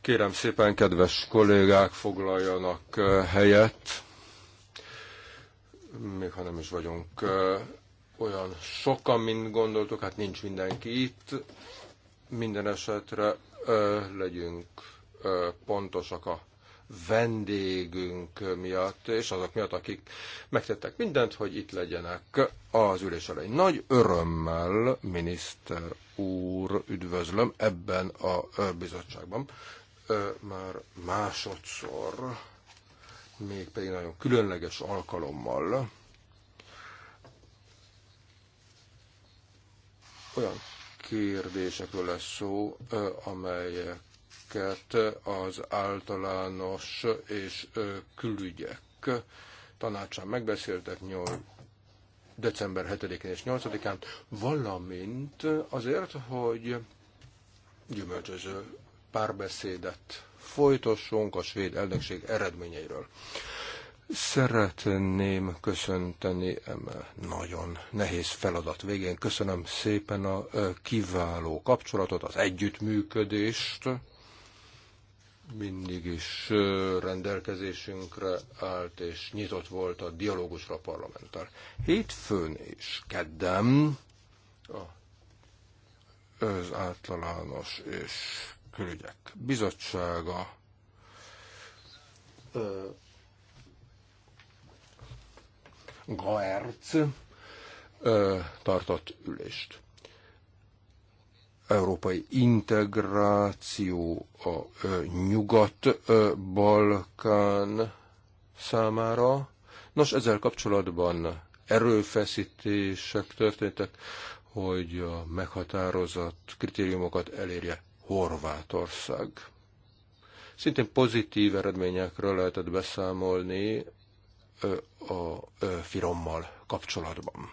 Kérem szépen, kedves kollégák, foglaljanak eh, helyet, még ha nem is vagyunk eh, olyan sokan, mint gondoltuk, hát nincs mindenki itt. Minden esetre eh, legyünk pontosak a vendégünk miatt, és azok miatt, akik megtettek mindent, hogy itt legyenek az ülés elején. Nagy örömmel, miniszter úr, üdvözlöm ebben a bizottságban. Már másodszor, mégpedig nagyon különleges alkalommal. olyan kérdésekről lesz szó, amelyek ezeket az általános és külügyek tanácsán megbeszéltek 8 december 7-én és 8-án, valamint azért, hogy gyümölcsöző párbeszédet folytassunk a svéd elnökség eredményeiről. Szeretném köszönteni eme nagyon nehéz feladat végén. Köszönöm szépen a kiváló kapcsolatot, az együttműködést, mindig is rendelkezésünkre állt, és nyitott volt a dialógusra a parlamenttel. Hétfőn és kedden az általános és külügyek bizottsága Gaerc tartott ülést európai integráció a Nyugat-Balkán számára. Nos, ezzel kapcsolatban erőfeszítések történtek, hogy a meghatározott kritériumokat elérje Horvátország. Szintén pozitív eredményekről lehetett beszámolni a Firommal kapcsolatban.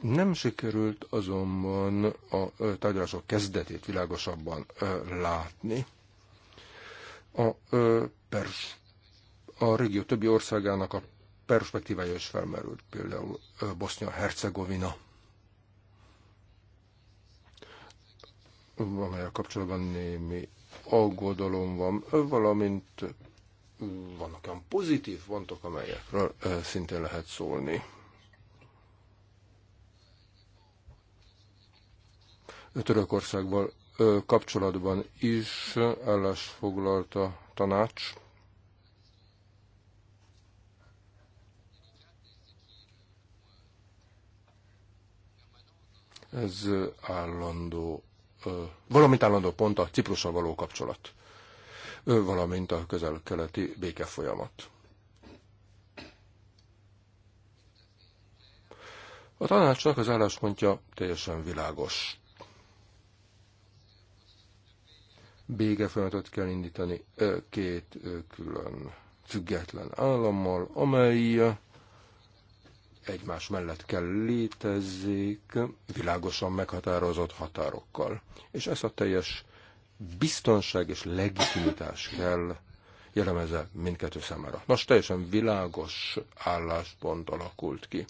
Nem sikerült azonban a tárgyalások kezdetét világosabban látni. A, pers, a régió többi országának a perspektívája is felmerült, például Bosznia-Hercegovina. amelyel kapcsolatban némi aggodalom van, valamint vannak olyan pozitív pontok, amelyekről szintén lehet szólni. Törökországból kapcsolatban is állásfoglalt a tanács. Ez állandó, valamint állandó pont a Ciprussal való kapcsolat, valamint a közel-keleti békefolyamat. A tanácsnak az álláspontja teljesen világos. bége folyamatot kell indítani két külön független állammal, amely egymás mellett kell létezzék, világosan meghatározott határokkal. És ezt a teljes biztonság és legitimitás kell jellemezze mindkettő számára. Most teljesen világos álláspont alakult ki.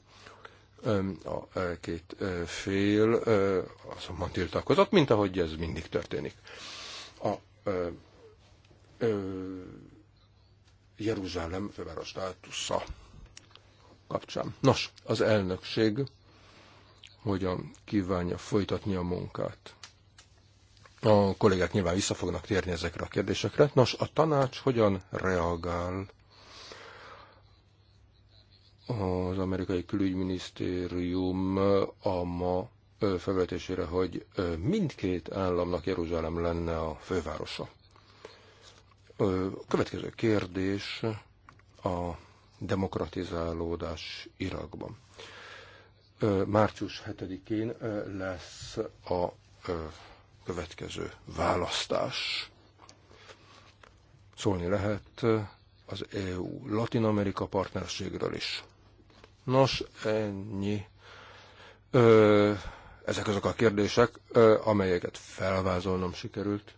A két fél azonban tiltakozott, mint ahogy ez mindig történik a ö, ö, Jeruzsálem főváros státusza kapcsán. Nos, az elnökség hogyan kívánja folytatni a munkát. A kollégák nyilván vissza fognak térni ezekre a kérdésekre. Nos, a tanács hogyan reagál az amerikai külügyminisztérium a ma felvetésére, hogy mindkét államnak Jeruzsálem lenne a fővárosa. A következő kérdés a demokratizálódás Irakban. Március 7-én lesz a következő választás. Szólni lehet az EU Latin Amerika partnerségről is. Nos, ennyi. Ö, ezek azok a kérdések, amelyeket felvázolnom sikerült.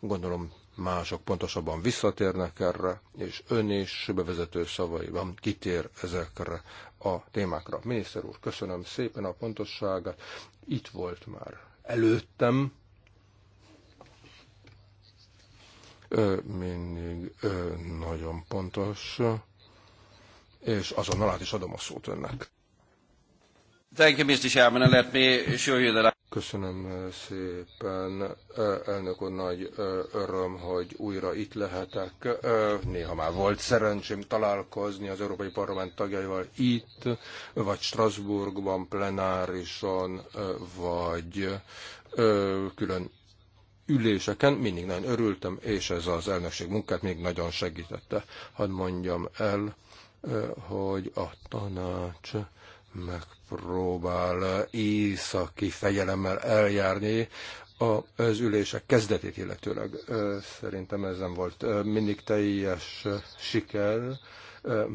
Gondolom mások pontosabban visszatérnek erre, és ön is bevezető szavaiban kitér ezekre a témákra. Miniszter úr, köszönöm szépen a pontosságát. Itt volt már előttem. Ö, mindig ö, nagyon pontos, és azonnal át is adom a szót önnek. Köszönöm eh, szépen, eh, elnök úr, nagy eh, öröm, hogy újra itt lehetek. Néha már volt szerencsém találkozni az Európai Parlament tagjaival itt, vagy Strasbourgban, plenárison, vagy külön üléseken mindig nagyon örültem, és ez az elnökség munkát még nagyon segítette. Hadd mondjam el, hogy a tanács meg próbál északi fegyelemmel eljárni az ülések kezdetét illetőleg. Szerintem ez nem volt mindig teljes siker,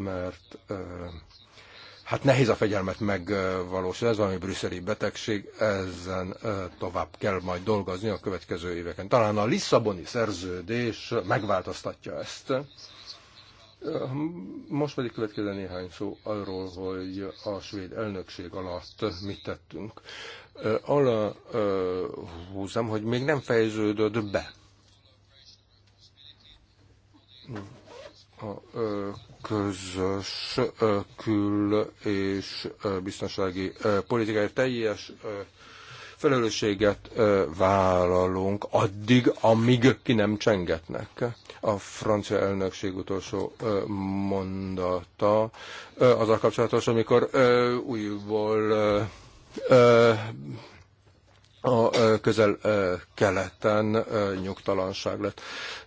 mert hát nehéz a fegyelmet megvalósítani, ez valami brüsszeli betegség, ezen tovább kell majd dolgozni a következő éveken. Talán a Lisszaboni szerződés megváltoztatja ezt. Most pedig következő néhány szó arról, hogy a svéd elnökség alatt mit tettünk. Arra húzom, hogy még nem fejeződött be a közös kül- és biztonsági politikai teljes Felelősséget vállalunk addig, amíg ki nem csengetnek. A francia elnökség utolsó mondata a kapcsolatos, amikor újból a közel-keleten nyugtalanság lett.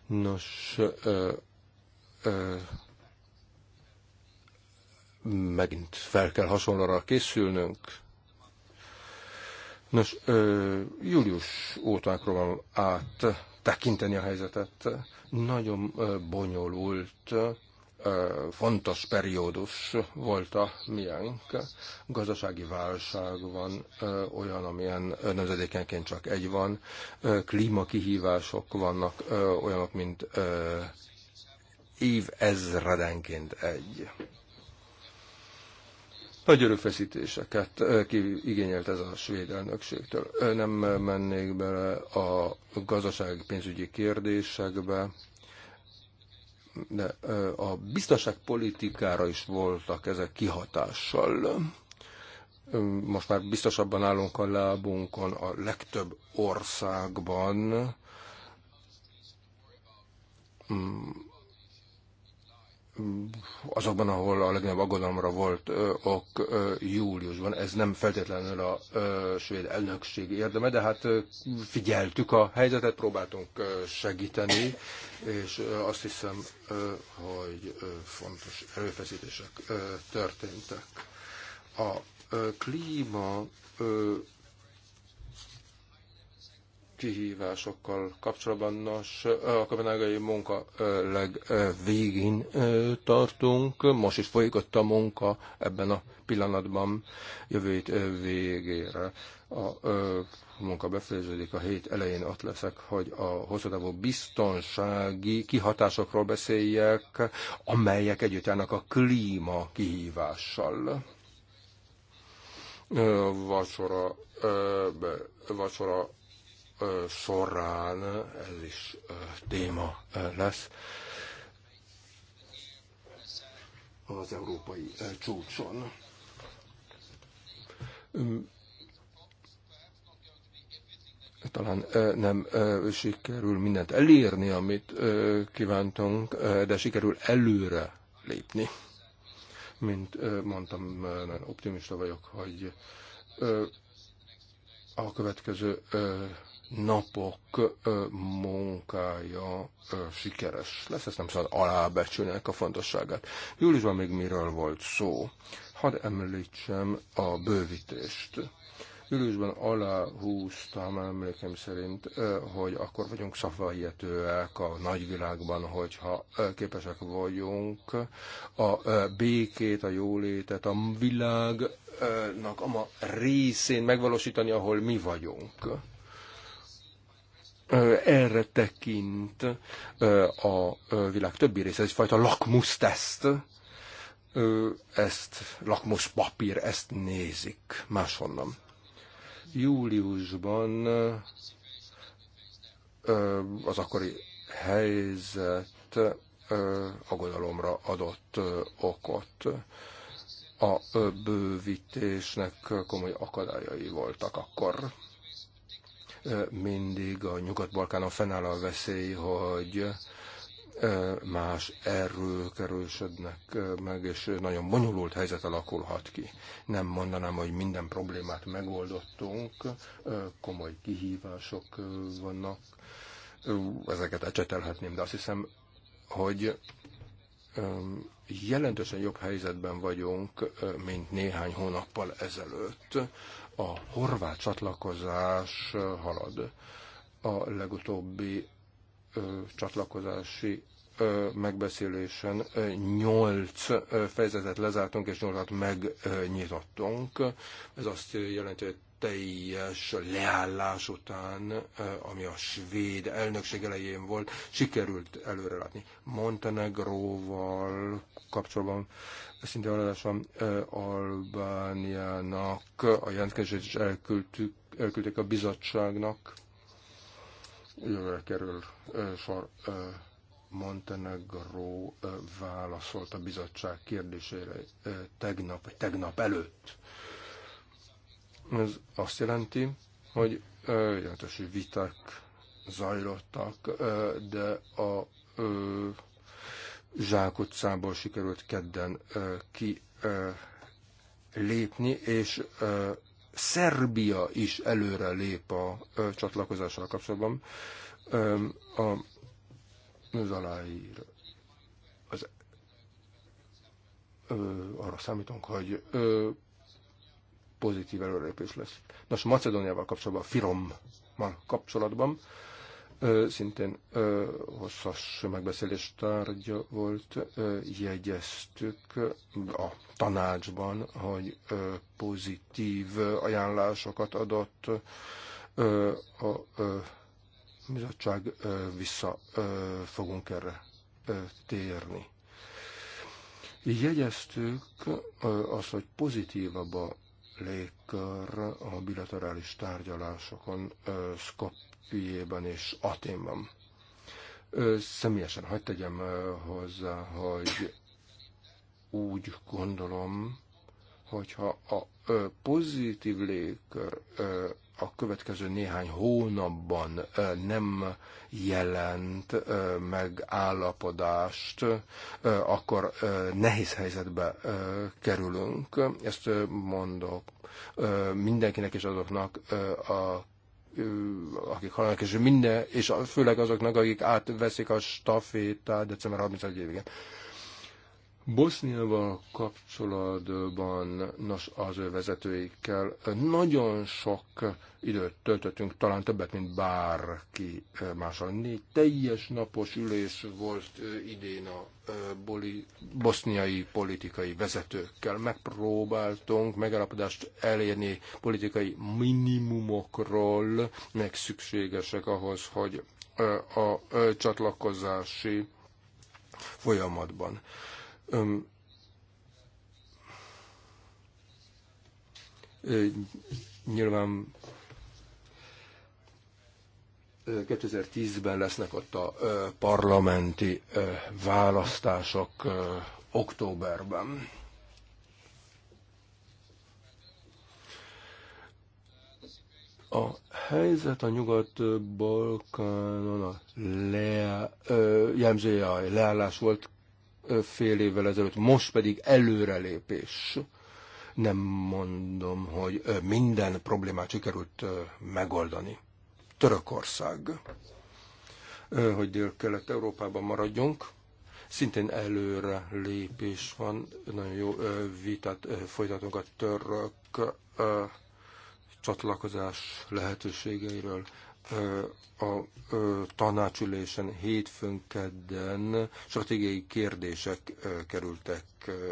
Nos, megint fel kell hasonlóra készülnünk, Nos, július óta próbálom át tekinteni a helyzetet. Nagyon bonyolult, fontos periódus volt a miénk. Gazdasági válság van, olyan, amilyen nemzedékenként csak egy van. Klímakihívások vannak, olyanok, mint év ezredenként egy nagy erőfeszítéseket igényelt ez a svéd elnökségtől. Nem mennék bele a gazdasági pénzügyi kérdésekbe, de a biztonságpolitikára is voltak ezek kihatással. Most már biztosabban állunk a lábunkon a legtöbb országban mm, azokban, ahol a legnagyobb aggodalomra volt ok júliusban. Ez nem feltétlenül a svéd elnökség érdeme, de hát figyeltük a helyzetet, próbáltunk segíteni, és azt hiszem, hogy fontos erőfeszítések történtek. A klíma kihívásokkal kapcsolatban. Nos, a kopenhágai munka legvégén tartunk, most is folyik a munka ebben a pillanatban jövő végére. A munka befejeződik, a hét elején ott leszek, hogy a hosszú biztonsági kihatásokról beszéljek, amelyek együtt járnak a klíma kihívással vacsora, vacsora során ez is téma lesz az európai csúcson. Talán nem sikerül mindent elérni, amit kívántunk, de sikerül előre lépni. Mint mondtam, optimista vagyok, hogy a következő napok munkája sikeres lesz, ezt nem szabad alábecsülni a fontosságát. Júliusban még miről volt szó? Hadd említsem a bővítést. Júliusban aláhúztam emlékem szerint, hogy akkor vagyunk szafahihetőek a nagyvilágban, hogyha képesek vagyunk a békét, a jólétet, a világ a ma részén megvalósítani, ahol mi vagyunk erre tekint a világ többi része, ez egyfajta lakmuszteszt, ezt papír, ezt nézik máshonnan. Júliusban az akkori helyzet aggodalomra adott okot. A bővítésnek komoly akadályai voltak akkor mindig a Nyugat-Balkánon fennáll a veszély, hogy más erők erősödnek meg, és nagyon bonyolult helyzet alakulhat ki. Nem mondanám, hogy minden problémát megoldottunk, komoly kihívások vannak, ezeket ecsetelhetném, de azt hiszem, hogy jelentősen jobb helyzetben vagyunk, mint néhány hónappal ezelőtt a horvát csatlakozás halad. A legutóbbi ö, csatlakozási ö, megbeszélésen ö, 8 fejezetet lezártunk, és 8-at megnyitottunk. Ez azt jelenti, hogy teljes leállás után, ami a svéd elnökség elején volt, sikerült előrelátni. Montenegróval kapcsolatban szinte haladás van Albániának, a jelentkezését is elküldték a bizottságnak. Jövőre kerül sor Montenegro válaszolt a bizottság kérdésére tegnap, vagy tegnap előtt ez azt jelenti, hogy jelentős viták zajlottak, de a utcából sikerült kedden ki lépni, és Szerbia is előre lép a csatlakozással kapcsolatban. A, az aláír, az, arra számítunk, hogy pozitív előrelépés lesz. Nos, Macedóniával kapcsolatban, Firommal kapcsolatban ö, szintén ö, hosszas megbeszélés tárgya volt, ö, jegyeztük a tanácsban, hogy ö, pozitív ajánlásokat adott ö, a ö, bizottság, ö, vissza ö, fogunk erre ö, térni. Jegyeztük azt, hogy pozitívabb a légkör a bilaterális tárgyalásokon Skopjében és Aténban. Személyesen hagyd tegyem hozzá, hogy úgy gondolom, hogyha a pozitív légkör a következő néhány hónapban nem jelent meg állapodást, akkor nehéz helyzetbe kerülünk. Ezt mondok mindenkinek és azoknak, a akik hallanak, és minden, és főleg azoknak, akik átveszik a stafétát december 31 végén. Boszniával kapcsolatban, nos, az ő vezetőikkel nagyon sok időt töltöttünk, talán többet, mint bárki mással. Négy teljes napos ülés volt idén a boli, boszniai politikai vezetőkkel. Megpróbáltunk megállapodást elérni politikai minimumokról, meg szükségesek ahhoz, hogy a csatlakozási folyamatban nyilván 2010-ben lesznek ott a parlamenti választások októberben. A helyzet a Nyugat-Balkánon a le, ö, a leállás volt fél évvel ezelőtt, most pedig előrelépés. Nem mondom, hogy minden problémát sikerült megoldani. Törökország, hogy Dél-Kelet-Európában maradjunk, szintén előre lépés van, nagyon jó vitát folytatunk a török csatlakozás lehetőségeiről a tanácsülésen hétfőn kedden stratégiai kérdések kerültek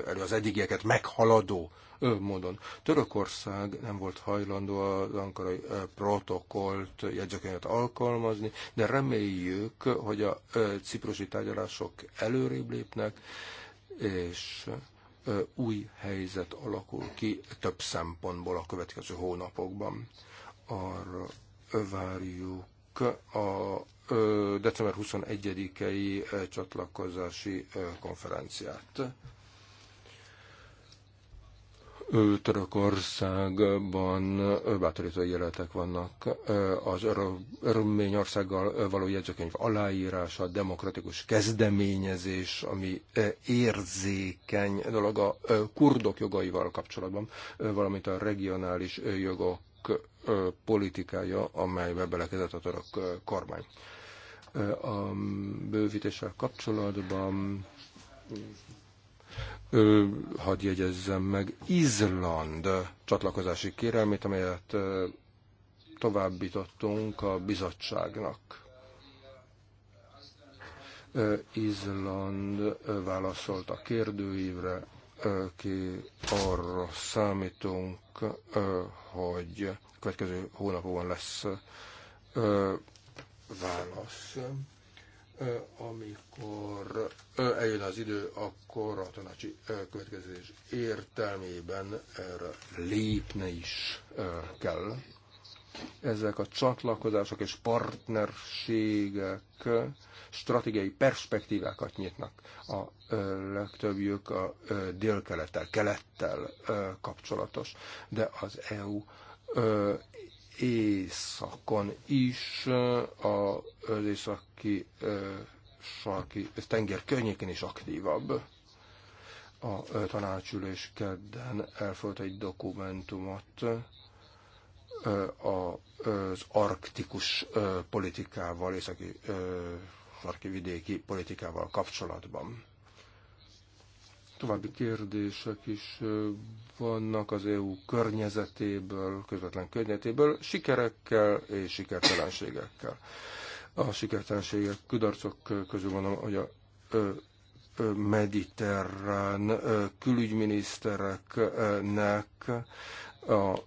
elő, az eddigieket meghaladó módon. Törökország nem volt hajlandó az ankarai protokollt, jegyzőkönyvet alkalmazni, de reméljük, hogy a ciprusi tárgyalások előrébb lépnek, és új helyzet alakul ki több szempontból a következő hónapokban. Arra várjuk a december 21-i csatlakozási konferenciát. Törökországban bátorító jeletek vannak az Örményországgal való jegyzőkönyv aláírása, demokratikus kezdeményezés, ami érzékeny dolog a kurdok jogaival kapcsolatban, valamint a regionális jogok politikája, amelybe belekezett a török kormány. A bővítéssel kapcsolatban hadd jegyezzem meg Izland csatlakozási kérelmét, amelyet továbbítottunk a bizottságnak. Izland válaszolt a kérdőívre, ki arra számítunk, hogy a következő hónapokban lesz válasz. Amikor eljön az idő, akkor a tanácsi következés értelmében erre lépni is kell. Ezek a csatlakozások és partnerségek stratégiai perspektívákat nyitnak. A legtöbbjük a délkelettel, kelettel kapcsolatos, de az EU északon is, az északi sarki tenger környékén is aktívabb a tanácsülés kedden elfogadta egy dokumentumot az arktikus politikával északi harki vidéki politikával kapcsolatban. További kérdések is vannak az EU környezetéből, közvetlen környezetéből, sikerekkel és sikertelenségekkel. A sikertelenségek kudarcok közül van, hogy a mediterrán külügyminisztereknek a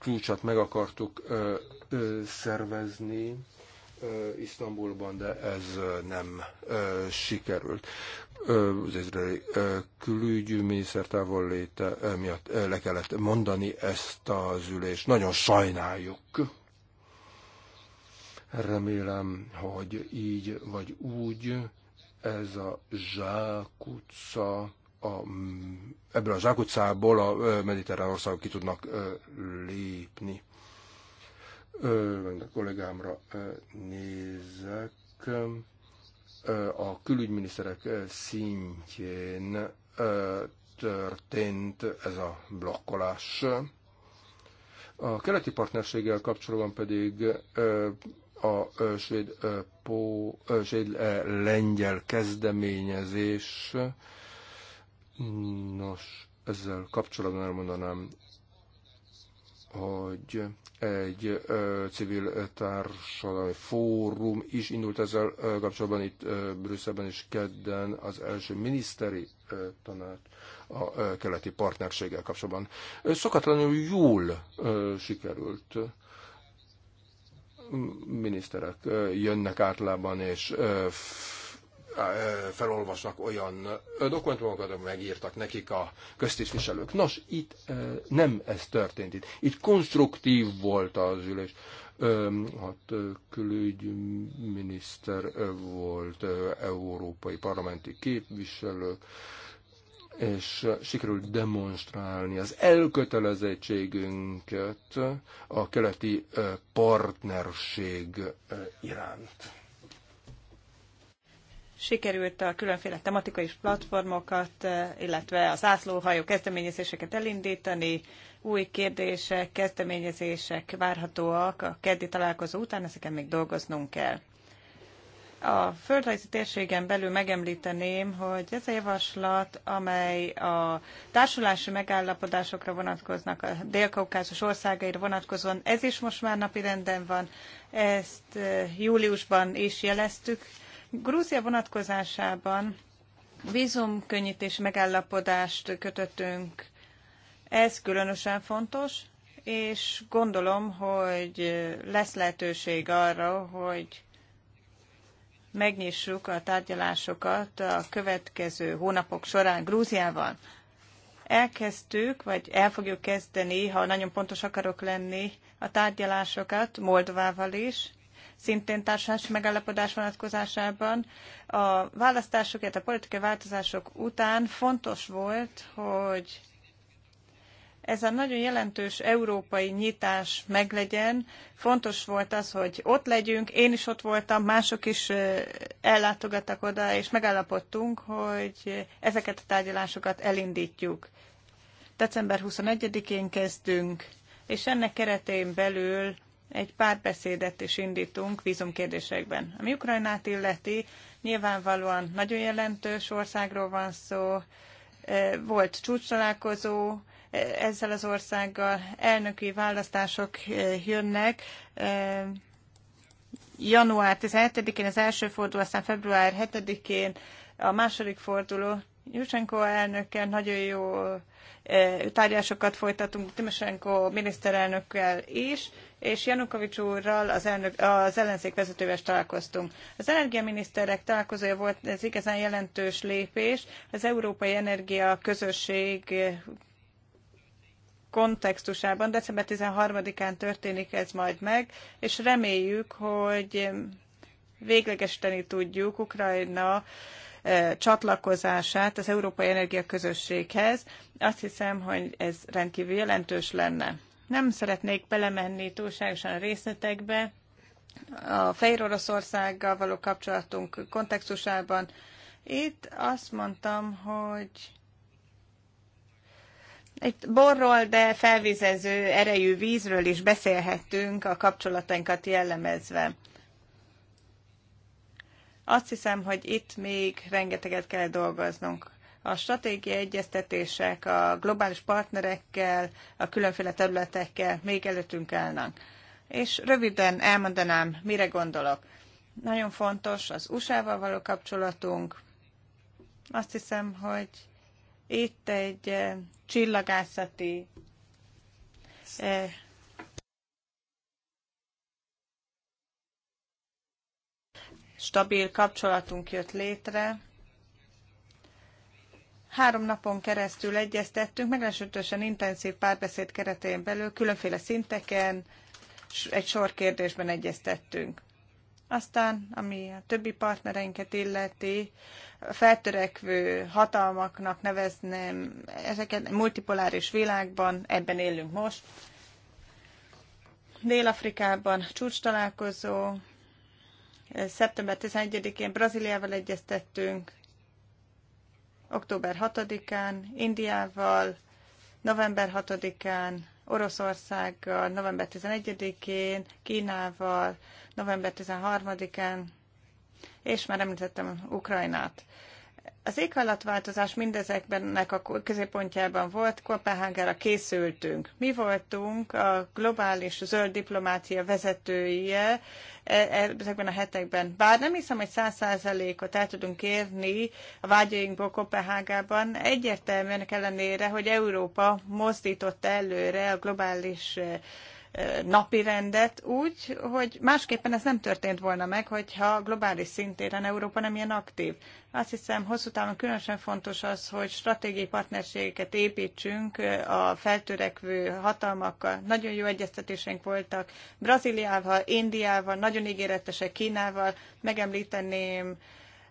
csúcsát meg akartuk szervezni, Isztambulban, de ez nem sikerült. Az izraeli külügyminiszter távolléte miatt le kellett mondani ezt az ülést. Nagyon sajnáljuk. Remélem, hogy így vagy úgy ez a zsákutca a, ebből a zsákutcából a mediterrán országok ki tudnak lépni a kollégámra nézek, a külügyminiszterek szintjén történt ez a blokkolás. A keleti partnerséggel kapcsolatban pedig a svéd, pó, svéd lengyel kezdeményezés. Nos, ezzel kapcsolatban elmondanám, hogy egy civil társadalmi fórum is indult ezzel kapcsolatban itt Brüsszelben is kedden az első miniszteri tanács a keleti partnerséggel kapcsolatban. Szokatlanul jól sikerült miniszterek jönnek általában, és felolvasnak olyan dokumentumokat, amelyek megírtak nekik a köztisztviselők. Nos, itt nem ez történt itt. Itt konstruktív volt az ülés. Hát külügyminiszter volt, európai parlamenti képviselő, és sikerült demonstrálni az elkötelezettségünket a keleti partnerség iránt sikerült a különféle tematikai platformokat, eh, illetve az ászlóhajó kezdeményezéseket elindítani, új kérdések, kezdeményezések várhatóak a keddi találkozó után, ezeken még dolgoznunk kell. A földrajzi térségen belül megemlíteném, hogy ez a javaslat, amely a társulási megállapodásokra vonatkoznak, a dél országaira vonatkozóan, ez is most már napirenden van, ezt eh, júliusban is jeleztük, Grúzia vonatkozásában vízumkönnyítés megállapodást kötöttünk. Ez különösen fontos, és gondolom, hogy lesz lehetőség arra, hogy megnyissuk a tárgyalásokat a következő hónapok során Grúziával. Elkezdtük, vagy el fogjuk kezdeni, ha nagyon pontos akarok lenni, a tárgyalásokat Moldovával is, szintén társadalmi megállapodás vonatkozásában. A választásokért, a politikai változások után fontos volt, hogy ez a nagyon jelentős európai nyitás meglegyen. Fontos volt az, hogy ott legyünk, én is ott voltam, mások is ellátogattak oda, és megállapodtunk, hogy ezeket a tárgyalásokat elindítjuk. December 21-én kezdtünk, és ennek keretén belül egy pár beszédet is indítunk vízumkérdésekben. Ami Ukrajnát illeti, nyilvánvalóan nagyon jelentős országról van szó, e, volt csúcstalálkozó e, ezzel az országgal, elnöki választások e, jönnek, január 17-én az első forduló, aztán február 7-én a második forduló. Jusenko elnökkel nagyon jó tárgyásokat folytatunk Timosenko miniszterelnökkel is, és Janukovics úrral az, elnök, az ellenzék vezetővel találkoztunk. Az energiaminiszterek találkozója volt, ez igazán jelentős lépés. Az Európai Energia Közösség kontextusában december 13-án történik ez majd meg, és reméljük, hogy véglegesíteni tudjuk Ukrajna csatlakozását az Európai Energia Közösséghez. Azt hiszem, hogy ez rendkívül jelentős lenne. Nem szeretnék belemenni túlságosan a részletekbe. A Fehér Oroszországgal való kapcsolatunk kontextusában itt azt mondtam, hogy egy borról, de felvizező erejű vízről is beszélhetünk a kapcsolatainkat jellemezve. Azt hiszem, hogy itt még rengeteget kell dolgoznunk. A stratégiai egyeztetések a globális partnerekkel, a különféle területekkel még előttünk állnak. És röviden elmondanám, mire gondolok. Nagyon fontos az USA-val való kapcsolatunk. Azt hiszem, hogy itt egy eh, csillagászati eh, stabil kapcsolatunk jött létre. Három napon keresztül egyeztettünk, meglehetősen intenzív párbeszéd keretén belül, különféle szinteken, egy sor kérdésben egyeztettünk. Aztán, ami a többi partnereinket illeti, feltörekvő hatalmaknak nevezném, ezeket multipoláris világban, ebben élünk most. Dél-Afrikában csúcs találkozó Szeptember 11-én Brazíliával egyeztettünk, október 6-án Indiával, november 6-án Oroszországgal, november 11-én Kínával, november 13-án, és már említettem Ukrajnát. Az éghajlatváltozás mindezekbennek a középpontjában volt, Kopenhágára készültünk. Mi voltunk a globális zöld diplomácia vezetője e, e, ezekben a hetekben. Bár nem hiszem, hogy száz százalékot el tudunk érni a vágyainkból Kopenhágában, egyértelműen ellenére, hogy Európa mozdította előre a globális napi rendet úgy, hogy másképpen ez nem történt volna meg, hogyha globális szintéren Európa nem ilyen aktív. Azt hiszem, hosszú távon különösen fontos az, hogy stratégiai partnerségeket építsünk a feltörekvő hatalmakkal. Nagyon jó egyeztetéseink voltak Brazíliával, Indiával, nagyon ígéretesek Kínával. Megemlíteném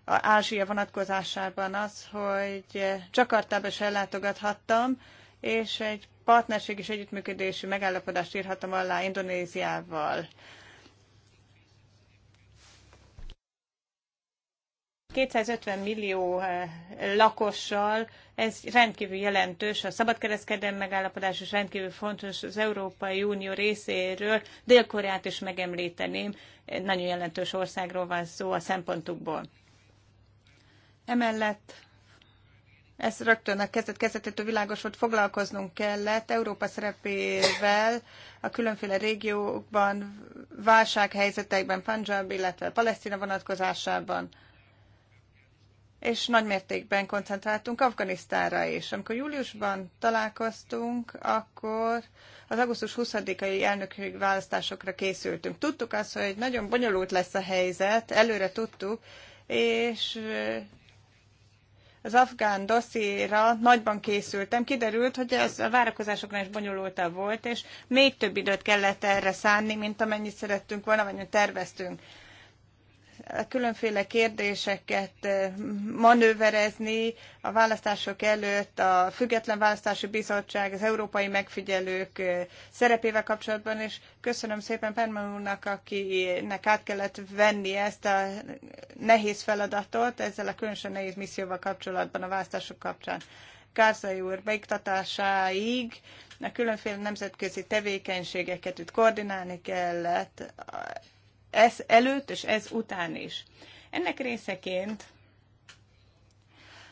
a Ázsia vonatkozásában az, hogy Csakartába is ellátogathattam, és egy partnerség és együttműködési megállapodást írhatom alá Indonéziával. 250 millió eh, lakossal, ez rendkívül jelentős, a szabadkereskedelmi megállapodás is rendkívül fontos az Európai Unió részéről, Dél-Koreát is megemlíteném, nagyon jelentős országról van szó a szempontukból. Emellett ez rögtön a kezdet kezdetétől világos volt, foglalkoznunk kellett Európa szerepével a különféle régiókban, válsághelyzetekben, Punjab, illetve Palesztina vonatkozásában és nagy mértékben koncentráltunk Afganisztánra is. Amikor júliusban találkoztunk, akkor az augusztus 20-ai elnöki választásokra készültünk. Tudtuk azt, hogy nagyon bonyolult lesz a helyzet, előre tudtuk, és az afgán dosszéra nagyban készültem, kiderült, hogy ez a várakozásoknál is bonyolultabb volt, és még több időt kellett erre szánni, mint amennyit szerettünk volna, vagy terveztünk különféle kérdéseket eh, manőverezni a választások előtt, a Független Választási Bizottság, az Európai Megfigyelők eh, szerepével kapcsolatban, és köszönöm szépen Perman úrnak, akinek át kellett venni ezt a nehéz feladatot ezzel a különösen nehéz misszióval kapcsolatban a választások kapcsán. Kárzai úr beiktatásáig a különféle nemzetközi tevékenységeket itt koordinálni kellett, ez előtt és ez után is. Ennek részeként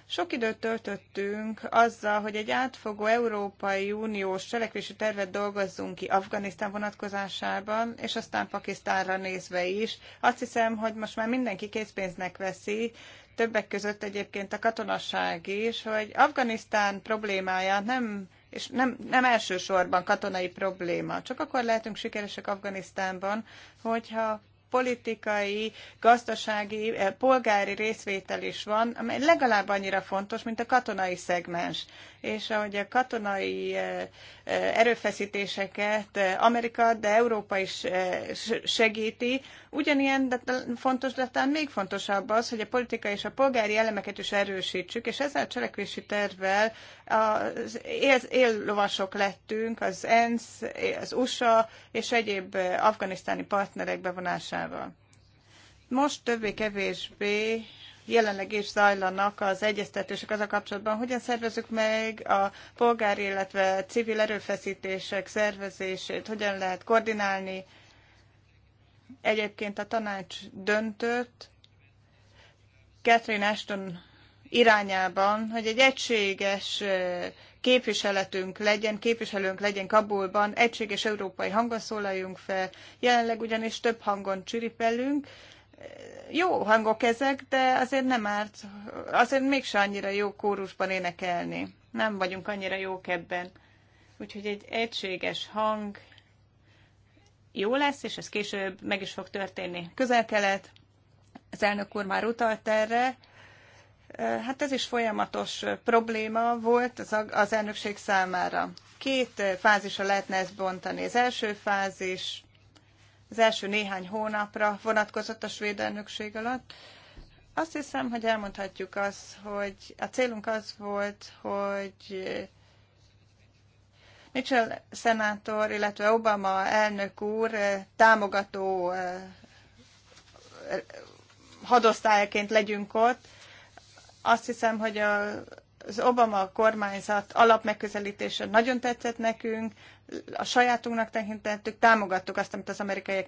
sok időt töltöttünk azzal, hogy egy átfogó Európai Uniós cselekvési tervet dolgozzunk ki Afganisztán vonatkozásában, és aztán Pakisztánra nézve is. Azt hiszem, hogy most már mindenki készpénznek veszi, többek között egyébként a katonasság is, hogy Afganisztán problémája nem és nem, nem elsősorban katonai probléma. Csak akkor lehetünk sikeresek Afganisztánban, hogyha politikai, gazdasági, eh, polgári részvétel is van, amely legalább annyira fontos, mint a katonai szegmens és ahogy a katonai eh, eh, erőfeszítéseket eh, Amerika, de Európa is segíti, ugyanilyen de fontos, de talán még fontosabb az, hogy a politikai és a polgári elemeket is erősítsük, és ezzel a cselekvési tervvel az éllovasok lettünk az ENSZ, az USA és egyéb afganisztáni partnerek bevonásával. Most többé-kevésbé jelenleg is zajlanak az egyeztetések az a kapcsolatban, hogyan szervezzük meg a polgár, illetve civil erőfeszítések szervezését, hogyan lehet koordinálni. Egyébként a tanács döntött Catherine Ashton irányában, hogy egy egységes képviseletünk legyen, képviselőnk legyen Kabulban, egységes európai hangon szólaljunk fel. Jelenleg ugyanis több hangon csiripelünk, jó hangok ezek, de azért nem árt, azért mégse annyira jó kórusban énekelni. Nem vagyunk annyira jók ebben. Úgyhogy egy egységes hang jó lesz, és ez később meg is fog történni. Közel-kelet, az elnök úr már utalt erre, Hát ez is folyamatos probléma volt az elnökség számára. Két fázisra lehetne ezt bontani. Az első fázis az első néhány hónapra vonatkozott a svéd elnökség alatt. Azt hiszem, hogy elmondhatjuk azt, hogy a célunk az volt, hogy Mitchell szenátor, illetve Obama elnök úr eh, támogató eh, hadosztályaként legyünk ott. Azt hiszem, hogy a, az Obama kormányzat alapmegközelítése nagyon tetszett nekünk, a sajátunknak tekintettük, támogattuk azt, amit az amerikaiak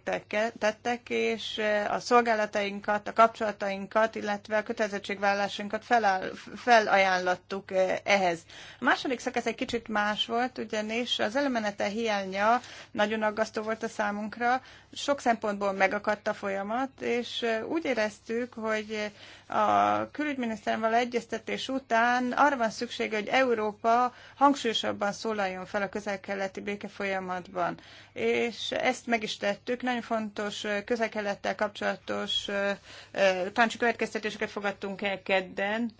tettek, és eh, a szolgálatainkat, a kapcsolatainkat, illetve a kötelezettségvállásunkat feláll, felajánlattuk eh, ehhez. A második szakasz egy kicsit más volt, ugyanis az elemenete hiánya nagyon aggasztó volt a számunkra, sok szempontból megakadt a folyamat, és eh, úgy éreztük, hogy a külügyminiszterrel egyeztetés után arra van szüksége, hogy Európa hangsúlyosabban szólaljon fel a közel-keleti béke folyamatban. És ezt meg is tettük. Nagyon fontos közel-kelettel kapcsolatos tanácsi következtetéseket fogadtunk el kedden,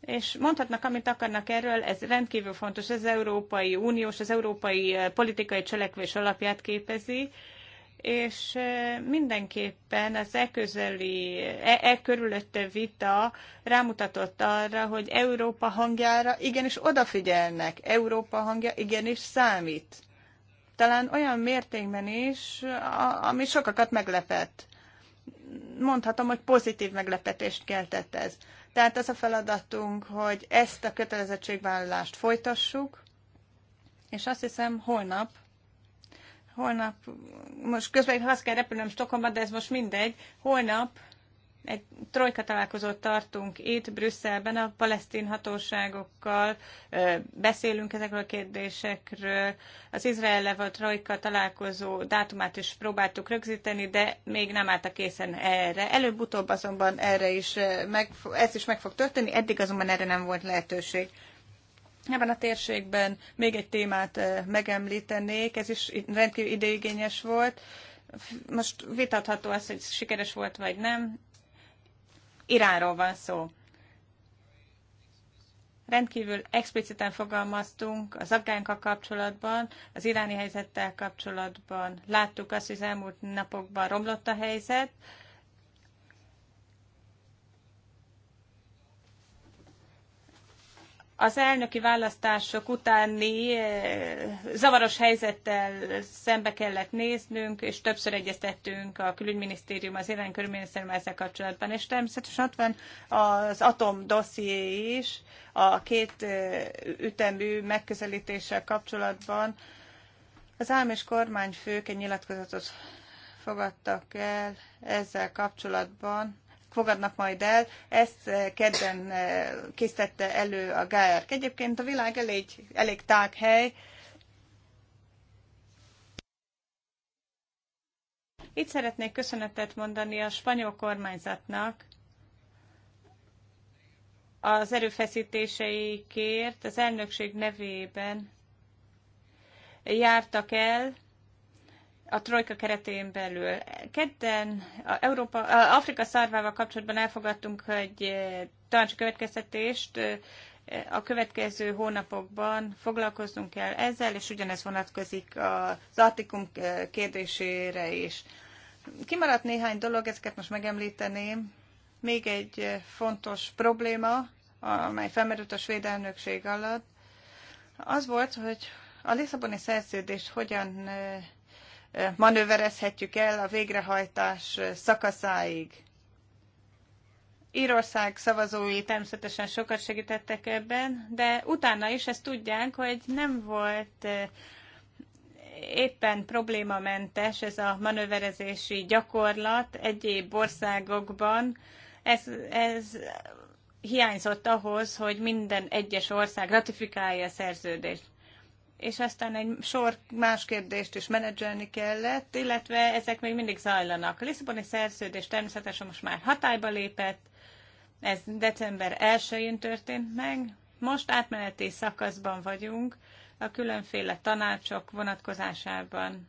és mondhatnak, amit akarnak erről, ez rendkívül fontos, ez az Európai Uniós, az európai politikai cselekvés alapját képezi, és mindenképpen az e közeli, e, e körülötte vita rámutatott arra, hogy Európa hangjára igenis odafigyelnek, Európa hangja igenis számít talán olyan mértékben is, ami sokakat meglepett. Mondhatom, hogy pozitív meglepetést keltett ez. Tehát az a feladatunk, hogy ezt a kötelezettségvállalást folytassuk, és azt hiszem holnap, holnap, most közben ha azt kell repülnöm Stockholmba, de ez most mindegy, holnap egy trojka találkozót tartunk itt Brüsszelben a palesztin hatóságokkal, beszélünk ezekről a kérdésekről. Az izrael a trojka találkozó dátumát is próbáltuk rögzíteni, de még nem álltak készen erre. Előbb-utóbb azonban erre is meg, ez is meg fog történni, eddig azonban erre nem volt lehetőség. Ebben a térségben még egy témát megemlítenék, ez is rendkívül időigényes volt. Most vitatható az, hogy sikeres volt vagy nem, Iránról van szó. Rendkívül expliciten fogalmaztunk az afgánkkal kapcsolatban, az iráni helyzettel kapcsolatban. Láttuk azt, hogy az elmúlt napokban romlott a helyzet, az elnöki választások utáni eh, zavaros helyzettel szembe kellett néznünk, és többször egyeztettünk a külügyminisztérium, az élen külügyminisztérium ezzel kapcsolatban, és természetesen ott van az atom dosszié is, a két eh, ütemű megközelítéssel kapcsolatban. Az állam és kormányfők egy nyilatkozatot fogadtak el ezzel kapcsolatban, fogadnak majd el. Ezt eh, kedden eh, készítette elő a GAERK. Egyébként a világ elég, elég tág hely, Itt szeretnék köszönetet mondani a spanyol kormányzatnak az erőfeszítéseikért, az elnökség nevében jártak el, a trojka keretén belül. Kedden a Európa, a Afrika szarvával kapcsolatban elfogadtunk egy eh, tanács következtetést, eh, a következő hónapokban foglalkoznunk kell ezzel, és ugyanez vonatkozik az artikum eh, kérdésére is. Kimaradt néhány dolog, ezeket most megemlíteném. Még egy fontos probléma, amely felmerült a svéd elnökség alatt, az volt, hogy a Lisszaboni szerződést hogyan manőverezhetjük el a végrehajtás szakaszáig. Írország szavazói természetesen sokat segítettek ebben, de utána is ezt tudják, hogy nem volt eh, éppen problémamentes ez a manőverezési gyakorlat egyéb országokban. Ez, ez hiányzott ahhoz, hogy minden egyes ország ratifikálja a szerződést és aztán egy sor más kérdést is menedzselni kellett, illetve ezek még mindig zajlanak. A Lisszaboni szerződés természetesen most már hatályba lépett, ez december 1-én történt meg, most átmeneti szakaszban vagyunk a különféle tanácsok vonatkozásában.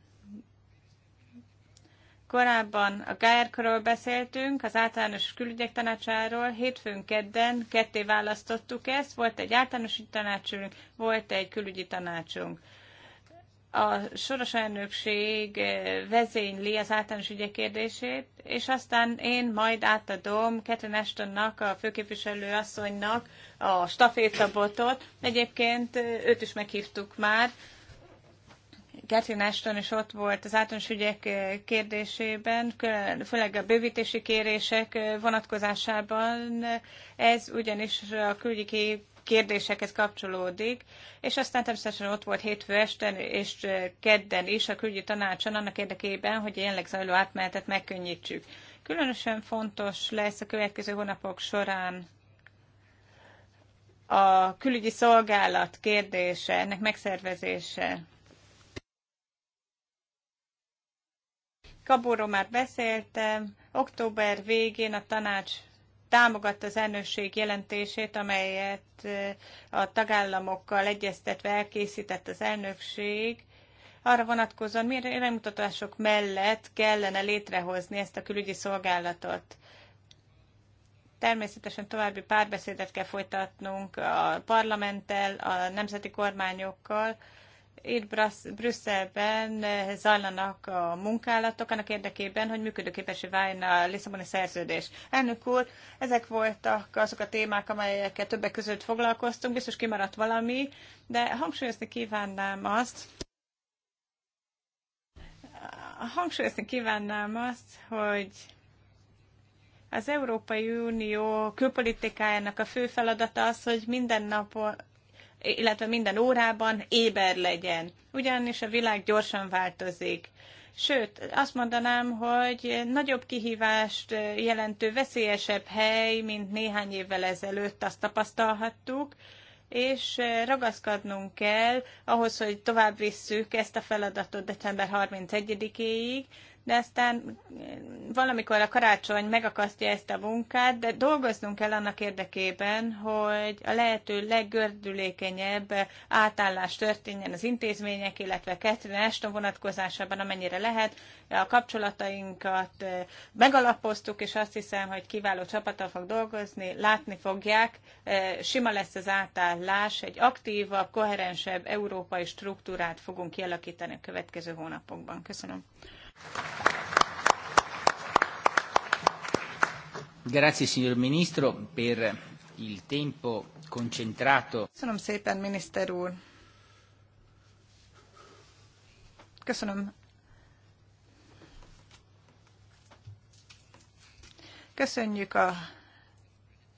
Korábban a GAERK-ról beszéltünk, az általános külügyek tanácsáról, hétfőn kedden ketté választottuk ezt, volt egy általános tanácsunk, volt egy külügyi tanácsunk. A soros elnökség eh, vezényli az általános ügyek kérdését, és aztán én majd átadom Catherine Ashtonnak, a főképviselő asszonynak a stafétabotot. Egyébként eh, őt is meghívtuk már, Gertin Ashton is ott volt az általános ügyek kérdésében, főleg a bővítési kérések vonatkozásában, ez ugyanis a külügyi kérdésekhez kapcsolódik, és aztán természetesen ott volt hétfő este és kedden is a külügyi tanácson annak érdekében, hogy a jelenleg zajló átmenetet megkönnyítsük. Különösen fontos lesz a következő hónapok során a külügyi szolgálat kérdése, ennek megszervezése Kabóról már beszéltem, október végén a tanács támogatta az elnökség jelentését, amelyet eh, a tagállamokkal egyeztetve elkészített az elnökség, arra vonatkozóan milyen iránymutatások mellett kellene létrehozni ezt a külügyi szolgálatot. Természetesen további párbeszédet kell folytatnunk a parlamenttel, a nemzeti kormányokkal, itt Brüsszelben zajlanak a munkálatok annak érdekében, hogy működőképesé váljon a Lisszaboni szerződés. Elnök úr, ezek voltak azok a témák, amelyekkel többek között foglalkoztunk, biztos kimaradt valami, de hangsúlyozni kívánnám azt, hangsúlyozni kívánnám azt, hogy az Európai Unió külpolitikájának a fő feladata az, hogy minden nap illetve minden órában éber legyen. Ugyanis a világ gyorsan változik. Sőt, azt mondanám, hogy nagyobb kihívást jelentő veszélyesebb hely, mint néhány évvel ezelőtt azt tapasztalhattuk, és ragaszkodnunk kell ahhoz, hogy tovább visszük ezt a feladatot december 31-éig, de aztán eh, valamikor a karácsony megakasztja ezt a munkát, de dolgoznunk kell annak érdekében, hogy a lehető leggördülékenyebb átállás történjen az intézmények, illetve Catherine Ashton vonatkozásában, amennyire lehet. A kapcsolatainkat eh, megalapoztuk, és azt hiszem, hogy kiváló csapata fog dolgozni, látni fogják, eh, sima lesz az átállás, egy aktívabb, koherensebb európai struktúrát fogunk kialakítani a következő hónapokban. Köszönöm. Grazie, signor Ministro, per il tempo concentrato. Köszönöm szépen, miniszter úr. Köszönöm. Köszönjük a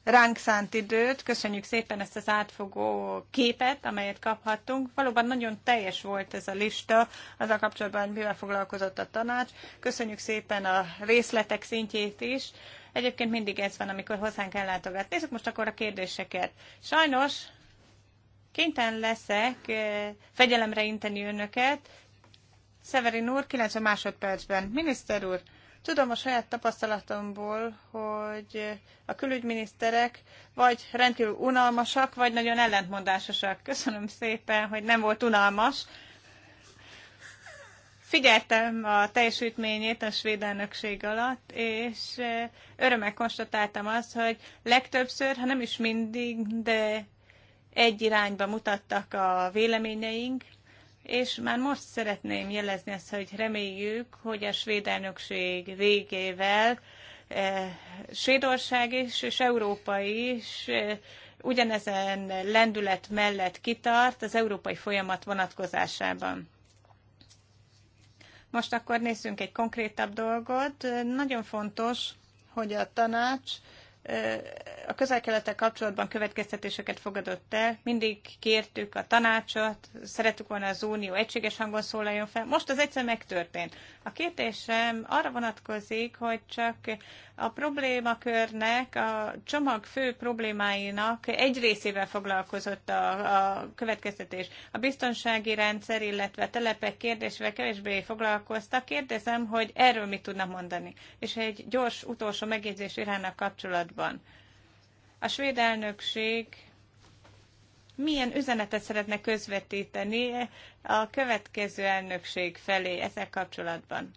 ránk szánt időt, köszönjük szépen ezt az átfogó képet, amelyet kaphattunk. Valóban nagyon teljes volt ez a lista, Az a kapcsolatban mivel foglalkozott a tanács. Köszönjük szépen a részletek szintjét is. Egyébként mindig ez van, amikor hozzánk látogatni. Nézzük most akkor a kérdéseket. Sajnos kénytelen leszek eh, fegyelemre inteni önöket. Severin úr, 90 másodpercben. Miniszter úr, Tudom a saját tapasztalatomból, hogy a külügyminiszterek vagy rendkívül unalmasak, vagy nagyon ellentmondásosak. Köszönöm szépen, hogy nem volt unalmas. Figyeltem a teljesítményét a svéd elnökség alatt, és eh, örömmel konstatáltam azt, hogy legtöbbször, ha nem is mindig, de egy irányba mutattak a véleményeink, és már most szeretném jelezni azt, hogy reméljük, hogy a svéd elnökség végével eh, Svédország is, és Európa is eh, ugyanezen lendület mellett kitart az európai folyamat vonatkozásában. Most akkor nézzünk egy konkrétabb dolgot. Nagyon fontos, hogy a tanács a közel kapcsolatban következtetéseket fogadott el, mindig kértük a tanácsot, szerettük volna az Unió egységes hangon szólaljon fel, most az egyszer megtörtént. A kérdésem arra vonatkozik, hogy csak a problémakörnek, a csomag fő problémáinak egy részével foglalkozott a, a következtetés. A biztonsági rendszer, illetve a telepek kérdésével kevésbé foglalkoztak. Kérdezem, hogy erről mit tudnak mondani. És egy gyors utolsó megjegyzés Iránnak kapcsolatban kapcsolatban. A svéd elnökség milyen üzenetet szeretne közvetíteni a következő elnökség felé ezzel kapcsolatban?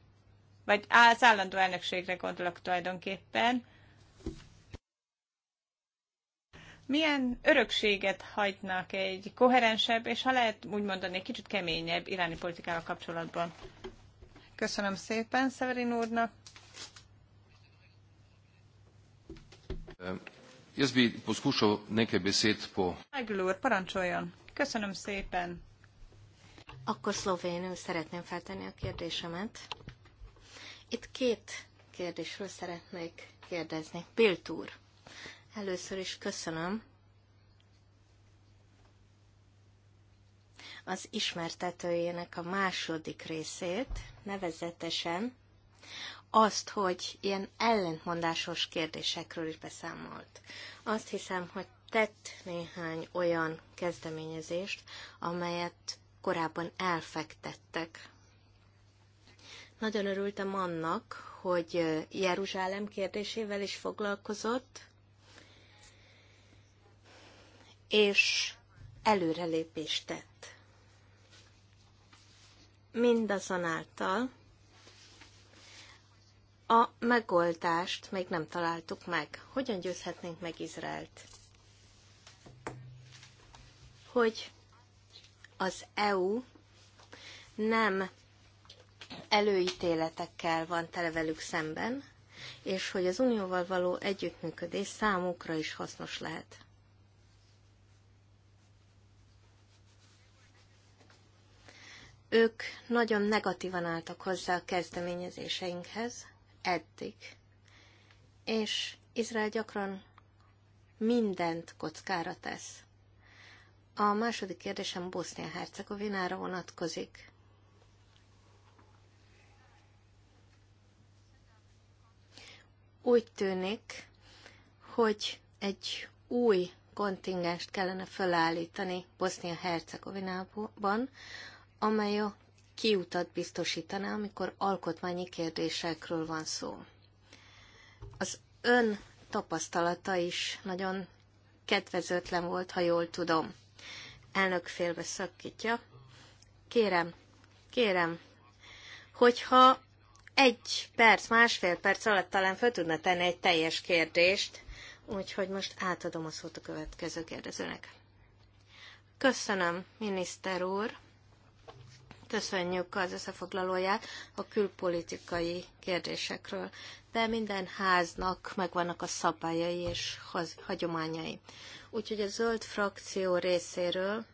Vagy az állandó elnökségre gondolok tulajdonképpen. Milyen örökséget hagynak egy koherensebb, és ha lehet úgy mondani, egy kicsit keményebb iráni politikával kapcsolatban? Köszönöm szépen Szeverin úrnak. Ehm, jaz úr, parancsoljon. Köszönöm szépen. Akkor szlovénül szeretném feltenni a kérdésemet. Itt két kérdésről szeretnék kérdezni. Bilt úr, először is köszönöm az ismertetőjének a második részét, nevezetesen azt, hogy ilyen ellentmondásos kérdésekről is beszámolt. Azt hiszem, hogy tett néhány olyan kezdeményezést, amelyet korábban elfektettek. Nagyon örültem annak, hogy Jeruzsálem kérdésével is foglalkozott, és előrelépést tett. Mindazonáltal a megoldást még nem találtuk meg. Hogyan győzhetnénk meg Izraelt? Hogy az EU nem előítéletekkel van tele velük szemben, és hogy az unióval való együttműködés számukra is hasznos lehet. Ők nagyon negatívan álltak hozzá a kezdeményezéseinkhez, eddig. És Izrael gyakran mindent kockára tesz. A második kérdésem Bosznia-Hercegovinára vonatkozik. Úgy tűnik, hogy egy új kontingenst kellene felállítani Bosznia-Hercegovinában, amely a kiutat biztosítaná, amikor alkotmányi kérdésekről van szó. Az ön tapasztalata is nagyon kedvezőtlen volt, ha jól tudom. Elnök félbe szakítja. Kérem, kérem, hogyha egy perc, másfél perc alatt talán fel tudna tenni egy teljes kérdést, úgyhogy most átadom a szót a következő kérdezőnek. Köszönöm, miniszter úr! Köszönjük az összefoglalóját a külpolitikai kérdésekről, de minden háznak megvannak a szabályai és hagyományai. Úgyhogy a zöld frakció részéről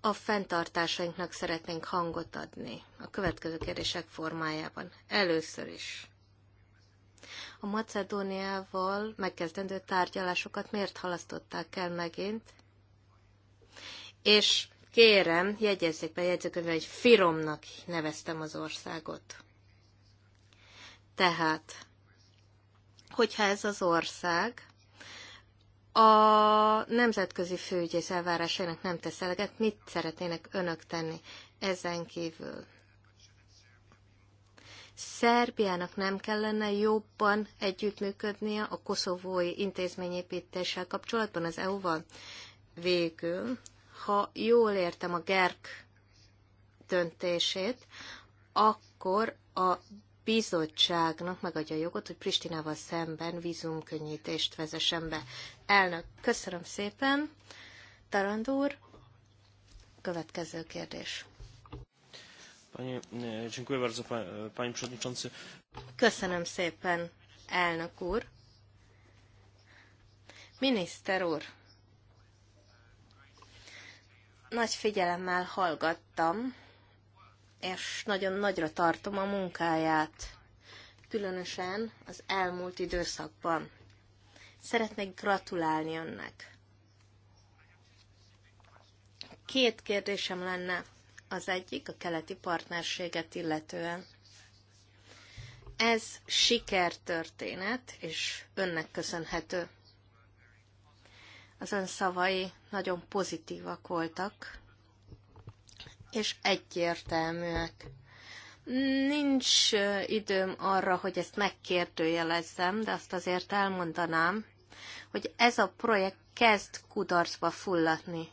a fenntartásainknak szeretnénk hangot adni a következő kérdések formájában. Először is. A Macedóniával megkezdendő tárgyalásokat miért halasztották el megint? És Kérem, jegyezzék be jegyzőkönyvbe, hogy Firomnak neveztem az országot. Tehát, hogyha ez az ország a nemzetközi főügyész elvárásainak nem tesz eleget, mit szeretnének önök tenni ezen kívül? Szerbiának nem kellene jobban együttműködnie a koszovói intézményépítéssel kapcsolatban az EU-val? Végül ha jól értem a GERK döntését, akkor a bizottságnak megadja a jogot, hogy Pristinával szemben vízumkönnyítést vezessen be. Elnök, köszönöm szépen. Tarandúr, következő kérdés. E, e, köszönöm szépen, elnök úr. Miniszter úr, nagy figyelemmel hallgattam, és nagyon nagyra tartom a munkáját, különösen az elmúlt időszakban. Szeretnék gratulálni önnek. Két kérdésem lenne. Az egyik a keleti partnerséget illetően. Ez sikertörténet, és önnek köszönhető az ön szavai nagyon pozitívak voltak, és egyértelműek. Nincs időm arra, hogy ezt megkérdőjelezzem, de azt azért elmondanám, hogy ez a projekt kezd kudarcba fulladni.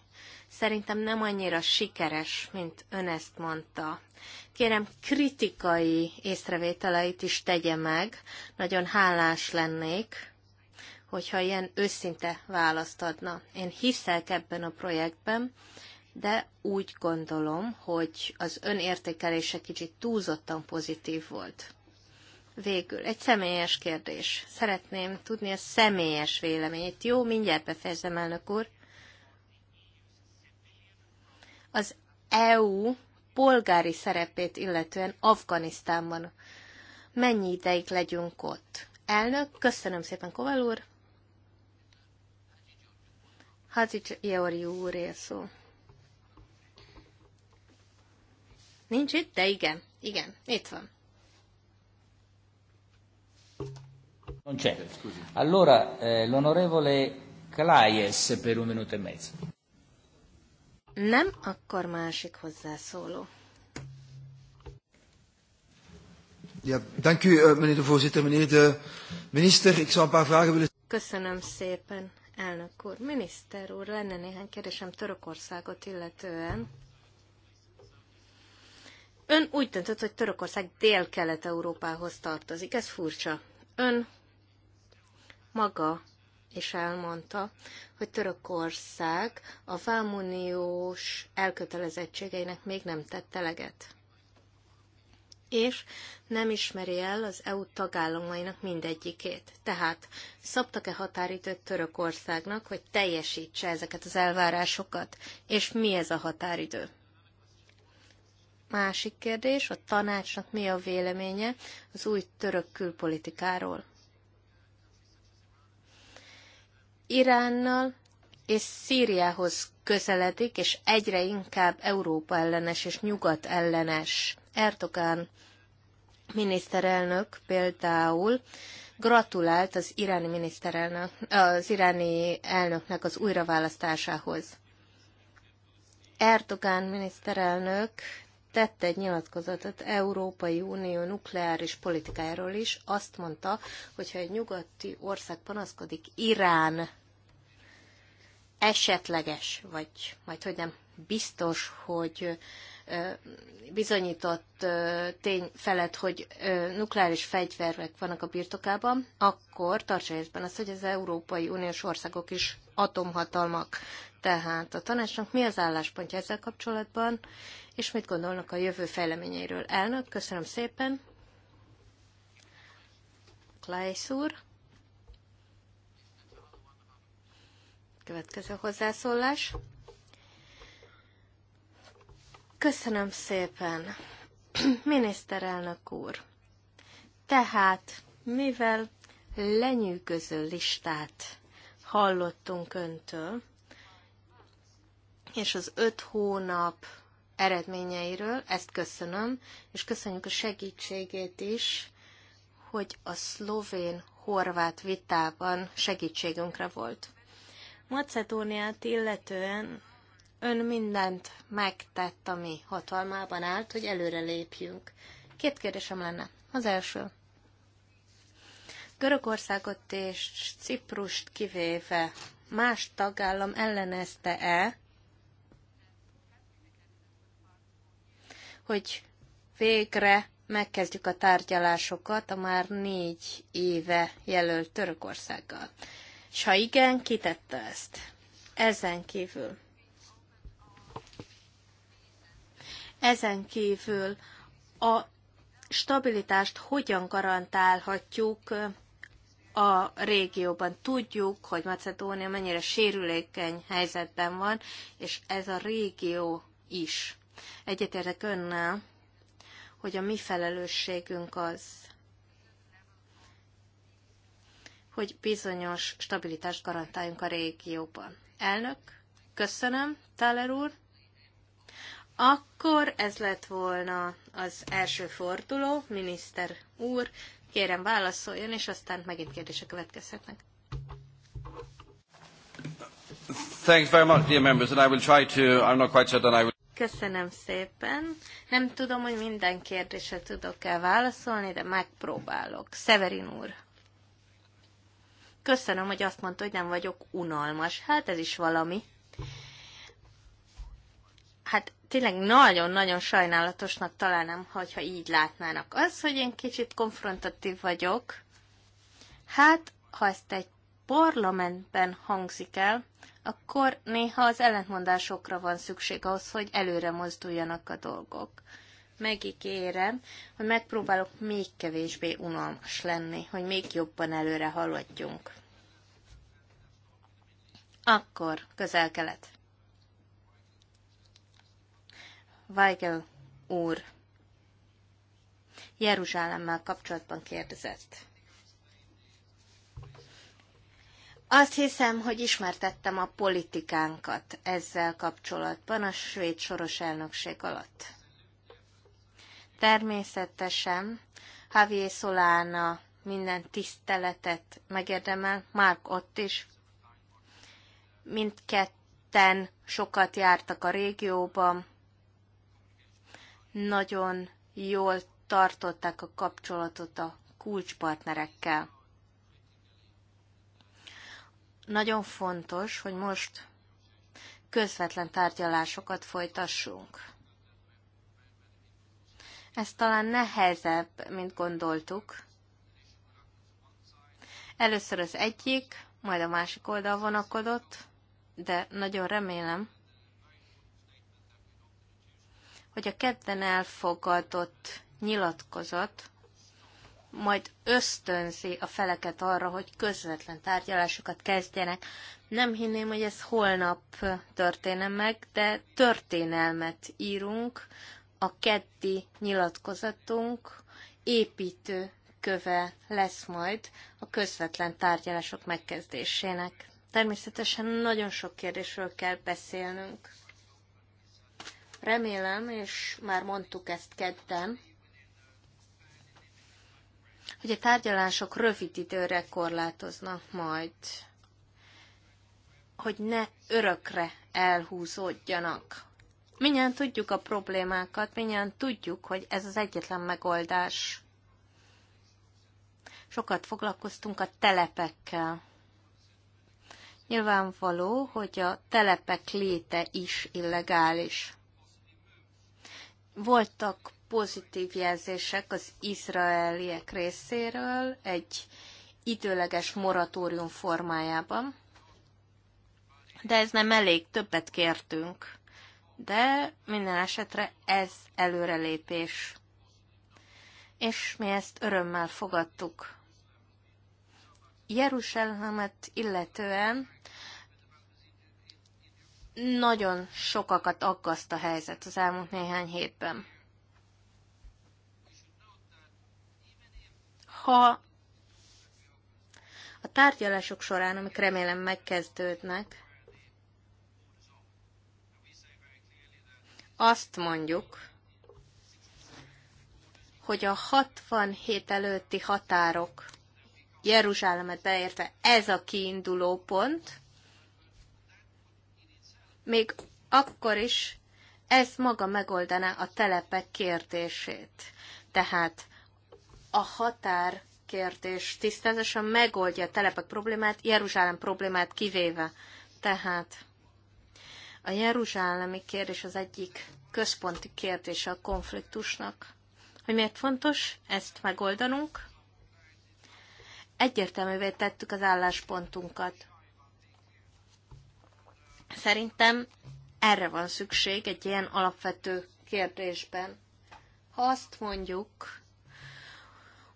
Szerintem nem annyira sikeres, mint ön ezt mondta. Kérem, kritikai észrevételeit is tegye meg, nagyon hálás lennék, hogyha ilyen őszinte választ adna. Én hiszek ebben a projektben, de úgy gondolom, hogy az önértékelése kicsit túlzottan pozitív volt. Végül, egy személyes kérdés. Szeretném tudni a személyes véleményét. Jó, mindjárt befejezem, elnök úr. Az EU polgári szerepét illetően Afganisztánban mennyi ideig legyünk ott? Elnök, köszönöm szépen, Koval úr. Házics Jeori úré szó. Nincs itt, de igen, igen, itt van. Non c'è. Allora, eh, l'onorevole Claes per un minuto e mezzo. Nem, akkor másik hozzászóló. Ja, dank u, eh, meneer de voorzitter. Meneer de minister, ik zou een paar vragen willen... Köszönöm szépen, elnök úr. Miniszter úr, lenne néhány kérdésem Törökországot illetően. Ön úgy döntött, hogy Törökország dél-kelet-európához tartozik. Ez furcsa. Ön maga is elmondta, hogy Törökország a vámuniós elkötelezettségeinek még nem tett eleget és nem ismeri el az EU tagállamainak mindegyikét. Tehát szabtak-e határidőt Törökországnak, hogy teljesítse ezeket az elvárásokat, és mi ez a határidő? Másik kérdés, a tanácsnak mi a véleménye az új török külpolitikáról? Iránnal és Szíriához közeledik, és egyre inkább Európa ellenes és nyugat ellenes Erdogan miniszterelnök például gratulált az iráni miniszterelnök, az iráni elnöknek az újraválasztásához. Erdogan miniszterelnök tette egy nyilatkozatot Európai Unió nukleáris politikájáról is. Azt mondta, hogyha egy nyugati ország panaszkodik Irán esetleges, vagy majd hogy nem biztos, hogy bizonyított tény felett, hogy nukleáris fegyverek vannak a birtokában, akkor tartsa észben azt, hogy az Európai Uniós országok is atomhatalmak. Tehát a tanácsnak mi az álláspontja ezzel kapcsolatban, és mit gondolnak a jövő fejleményeiről? Elnök, köszönöm szépen. Klajsz úr. Következő hozzászólás. Köszönöm szépen, miniszterelnök úr. Tehát, mivel lenyűgöző listát hallottunk öntől, és az öt hónap eredményeiről, ezt köszönöm, és köszönjük a segítségét is, hogy a szlovén-horvát vitában segítségünkre volt. Macedóniát illetően Ön mindent megtett, ami hatalmában állt, hogy előre lépjünk. Két kérdésem lenne. Az első. Görögországot és Ciprust kivéve más tagállam ellenezte-e, hogy végre megkezdjük a tárgyalásokat a már négy éve jelölt Törökországgal. És ha igen, kitette ezt? Ezen kívül Ezen kívül a stabilitást hogyan garantálhatjuk a régióban. Tudjuk, hogy Macedónia mennyire sérülékeny helyzetben van, és ez a régió is. Egyetértek önnel, hogy a mi felelősségünk az, hogy bizonyos stabilitást garantáljunk a régióban. Elnök, köszönöm, Táler úr. Akkor ez lett volna az első forduló, miniszter úr, kérem válaszoljon, és aztán megint kérdések következhetnek. Thanks very much, dear members, and I will try to, I'm not quite that I will... Köszönöm szépen. Nem tudom, hogy minden kérdésre tudok-e válaszolni, de megpróbálok. Severin úr. Köszönöm, hogy azt mondta, hogy nem vagyok unalmas. Hát ez is valami. Hát tényleg nagyon-nagyon sajnálatosnak találnám, hogyha így látnának. Az, hogy én kicsit konfrontatív vagyok, hát ha ezt egy parlamentben hangzik el, akkor néha az ellentmondásokra van szükség ahhoz, hogy előre mozduljanak a dolgok. Megígérem, hogy megpróbálok még kevésbé unalmas lenni, hogy még jobban előre haladjunk. Akkor közel-kelet. Weigel úr Jeruzsálemmel kapcsolatban kérdezett. Azt hiszem, hogy ismertettem a politikánkat ezzel kapcsolatban a svéd soros elnökség alatt. Természetesen Javier Solana minden tiszteletet megérdemel, Mark ott is. Mindketten sokat jártak a régióban, nagyon jól tartották a kapcsolatot a kulcspartnerekkel. Nagyon fontos, hogy most közvetlen tárgyalásokat folytassunk. Ez talán nehezebb, mint gondoltuk. Először az egyik, majd a másik oldal vonakodott, de nagyon remélem, hogy a kedden elfogadott nyilatkozat majd ösztönzi a feleket arra, hogy közvetlen tárgyalásokat kezdjenek. Nem hinném, hogy ez holnap történne meg, de történelmet írunk. A keddi nyilatkozatunk építő köve lesz majd a közvetlen tárgyalások megkezdésének. Természetesen nagyon sok kérdésről kell beszélnünk. Remélem, és már mondtuk ezt kedden, hogy a tárgyalások rövid időre korlátoznak majd, hogy ne örökre elhúzódjanak. Minnyáján tudjuk a problémákat, minnyáján tudjuk, hogy ez az egyetlen megoldás. Sokat foglalkoztunk a telepekkel. Nyilvánvaló, hogy a telepek léte is illegális. Voltak pozitív jelzések az izraeliek részéről egy időleges moratórium formájában, de ez nem elég, többet kértünk. De minden esetre ez előrelépés. És mi ezt örömmel fogadtuk. Jeruzsálemet illetően nagyon sokakat aggaszt a helyzet az elmúlt néhány hétben. Ha a tárgyalások során, amik remélem megkezdődnek, azt mondjuk, hogy a 67 előtti határok Jeruzsálemet beérte ez a kiinduló pont, még akkor is ez maga megoldaná a telepek kérdését. Tehát a határ kérdés tisztázása megoldja a telepek problémát, Jeruzsálem problémát kivéve. Tehát a jeruzsálemi kérdés az egyik központi kérdés a konfliktusnak. Hogy miért fontos ezt megoldanunk? Egyértelművé tettük az álláspontunkat. Szerintem erre van szükség egy ilyen alapvető kérdésben. Ha azt mondjuk,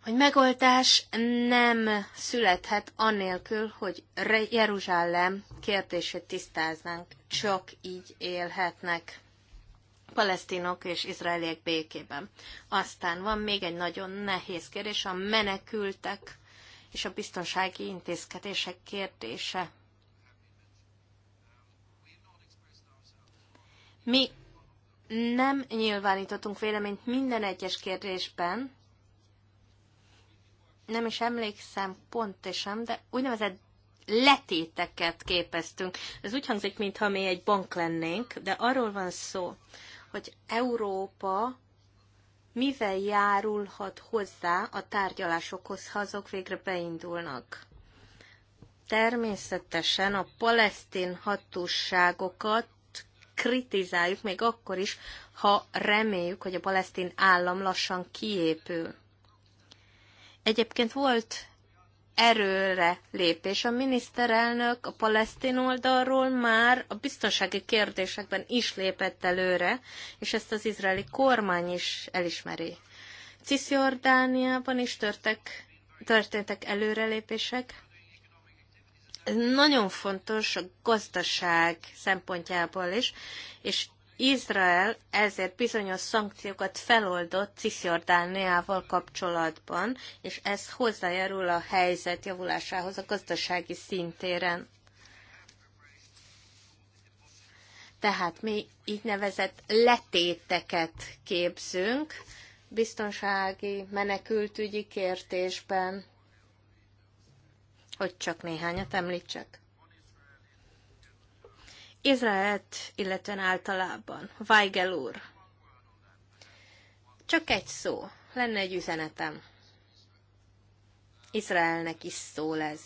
hogy megoldás nem születhet annélkül, hogy Jeruzsálem kérdését tisztáznánk, csak így élhetnek palesztinok és izraeliek békében. Aztán van még egy nagyon nehéz kérdés, a menekültek és a biztonsági intézkedések kérdése. Mi nem nyilvánítottunk véleményt minden egyes kérdésben, nem is emlékszem pontosan, de úgynevezett letéteket képeztünk. Ez úgy hangzik, mintha mi egy bank lennénk, de arról van szó, hogy Európa mivel járulhat hozzá a tárgyalásokhoz, ha azok végre beindulnak. Természetesen a palesztin hatóságokat kritizáljuk, még akkor is, ha reméljük, hogy a palesztin állam lassan kiépül. Egyébként volt erőre lépés. A miniszterelnök a palesztin oldalról már a biztonsági kérdésekben is lépett előre, és ezt az izraeli kormány is elismeri. Cisjordániában is törtek, történtek előrelépések, ez nagyon fontos a gazdaság szempontjából is, és Izrael ezért bizonyos szankciókat feloldott Cisjordániával kapcsolatban, és ez hozzájárul a helyzet javulásához a gazdasági szintéren. Tehát mi így nevezett letéteket képzünk biztonsági, menekültügyi kértésben, hogy csak néhányat említsek. Izraelt, illetve általában, Weigel úr. Csak egy szó, lenne egy üzenetem. Izraelnek is szól ez.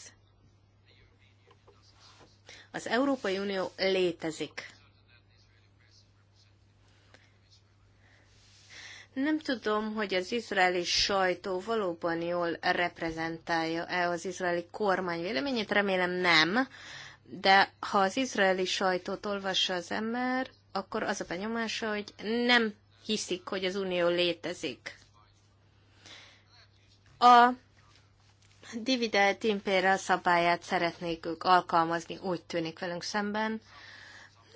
Az Európai Unió létezik. Nem tudom, hogy az izraeli sajtó valóban jól reprezentálja-e az izraeli kormány véleményét, remélem nem, de ha az izraeli sajtót olvassa az ember, akkor az a benyomása, hogy nem hiszik, hogy az unió létezik. A dividend impera szabályát szeretnék ők alkalmazni, úgy tűnik velünk szemben,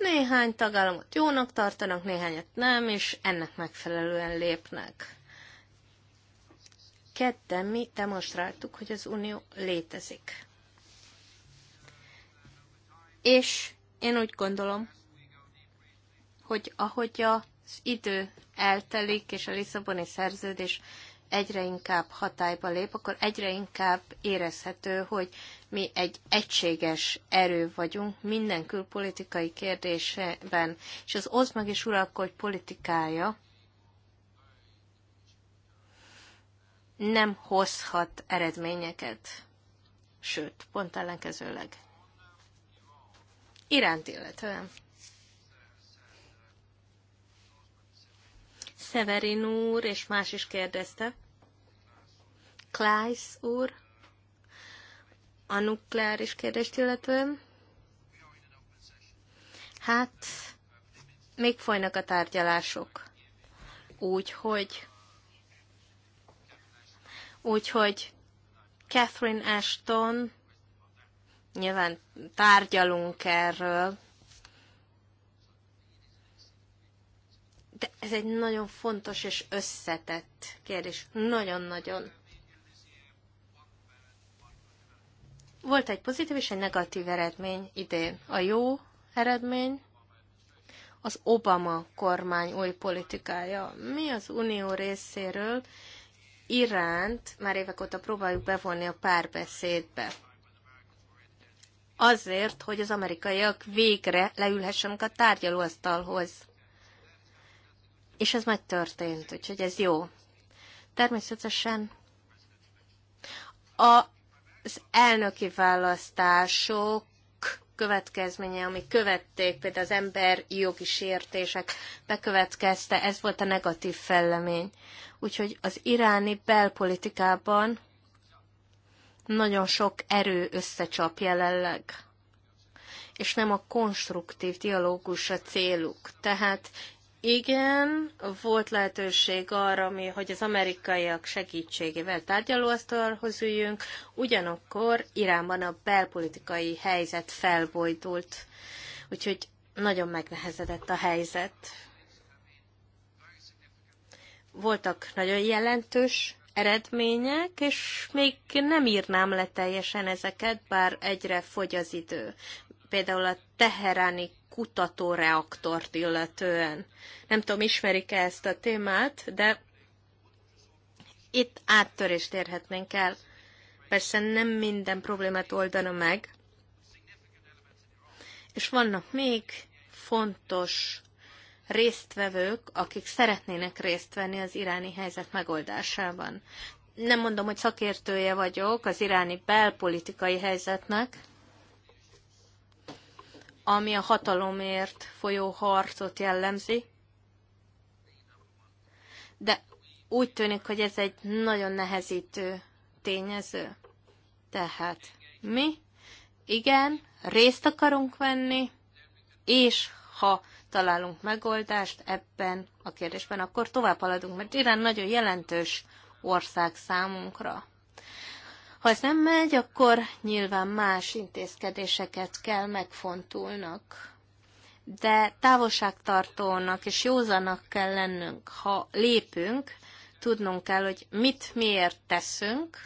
néhány tagállamot jónak tartanak, néhányat nem, és ennek megfelelően lépnek. Kedden mi demonstráltuk, hogy az Unió létezik. És én úgy gondolom, hogy ahogy az idő eltelik, és a Lisszaboni szerződés egyre inkább hatályba lép, akkor egyre inkább érezhető, hogy mi egy egységes erő vagyunk minden külpolitikai kérdésben, és az oszd meg és uralkodj politikája nem hozhat eredményeket, sőt, pont ellenkezőleg. Iránt illetően. Severin úr és más is kérdezte. Klájsz úr, a nukleáris kérdést illetően. Hát, még folynak a tárgyalások. Úgyhogy Úgyhogy Catherine Ashton, nyilván tárgyalunk erről, de ez egy nagyon fontos és összetett kérdés. Nagyon-nagyon. Volt egy pozitív és egy negatív eredmény idén. A jó eredmény az Obama kormány új politikája. Mi az Unió részéről Iránt már évek óta próbáljuk bevonni a párbeszédbe. Azért, hogy az amerikaiak végre leülhessenek a tárgyalóasztalhoz. És ez történt, úgyhogy ez jó. Természetesen a az elnöki választások következménye, ami követték, például az ember jogi sértések bekövetkezte, ez volt a negatív fellemény. Úgyhogy az iráni belpolitikában nagyon sok erő összecsap jelenleg és nem a konstruktív dialógus a céluk. Tehát igen, volt lehetőség arra, mi, hogy az amerikaiak segítségével tárgyalóasztalhoz üljünk, ugyanakkor Iránban a belpolitikai helyzet felbojdult, úgyhogy nagyon megnehezedett a helyzet. Voltak nagyon jelentős eredmények, és még nem írnám le teljesen ezeket, bár egyre fogy az idő. Például a teheráni kutatóreaktort illetően. Nem tudom, ismerik-e ezt a témát, de itt áttörést érhetnénk el. Persze nem minden problémát oldana meg, és vannak még fontos résztvevők, akik szeretnének részt venni az iráni helyzet megoldásában. Nem mondom, hogy szakértője vagyok az iráni belpolitikai helyzetnek, ami a hatalomért folyó harcot jellemzi, de úgy tűnik, hogy ez egy nagyon nehezítő tényező. Tehát mi, igen, részt akarunk venni, és ha találunk megoldást ebben a kérdésben, akkor tovább haladunk, mert Irán nagyon jelentős ország számunkra. Ha ez nem megy, akkor nyilván más intézkedéseket kell megfontulnak. De távolságtartónak és józanak kell lennünk. Ha lépünk, tudnunk kell, hogy mit miért teszünk,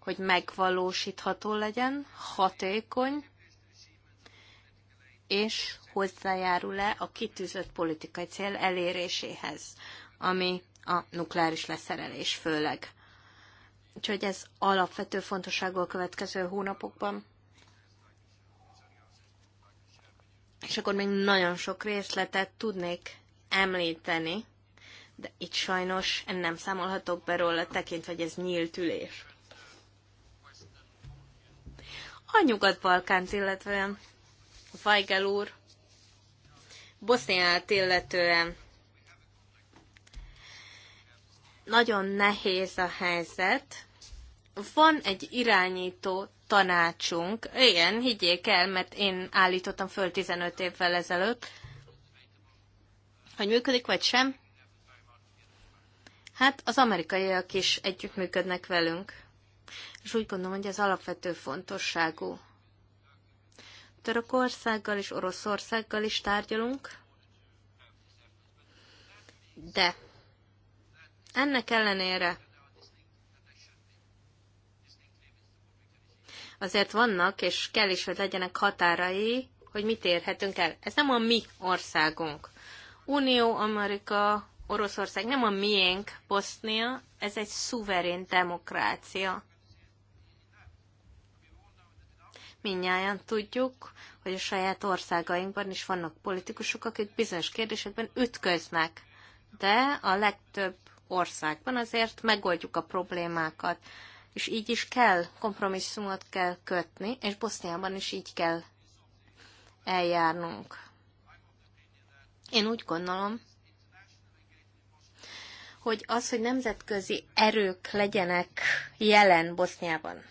hogy megvalósítható legyen, hatékony, és hozzájárul-e a kitűzött politikai cél eléréséhez, ami a nukleáris leszerelés főleg. Úgyhogy ez alapvető fontosságú a következő hónapokban. És akkor még nagyon sok részletet tudnék említeni, de itt sajnos nem számolhatok be róla, tekintve, hogy ez nyílt ülés. A Nyugat-Balkánt illetően, Vajgel úr, Boszniát illetően nagyon nehéz a helyzet. Van egy irányító tanácsunk. Igen, higgyék el, mert én állítottam föl 15 évvel ezelőtt, hogy működik vagy sem. Hát az amerikaiak is együttműködnek velünk. És úgy gondolom, hogy ez alapvető fontosságú. Törökországgal és Oroszországgal is tárgyalunk. De ennek ellenére azért vannak, és kell is, hogy legyenek határai, hogy mit érhetünk el. Ez nem a mi országunk. Unió, Amerika, Oroszország nem a miénk, Bosznia, ez egy szuverén demokrácia. Mindnyáján tudjuk, hogy a saját országainkban is vannak politikusok, akik bizonyos kérdésekben ütköznek, de a legtöbb országban, azért megoldjuk a problémákat. És így is kell, kompromisszumot kell kötni, és Boszniában is így kell eljárnunk. Én úgy gondolom, hogy az, hogy nemzetközi erők legyenek jelen Boszniában,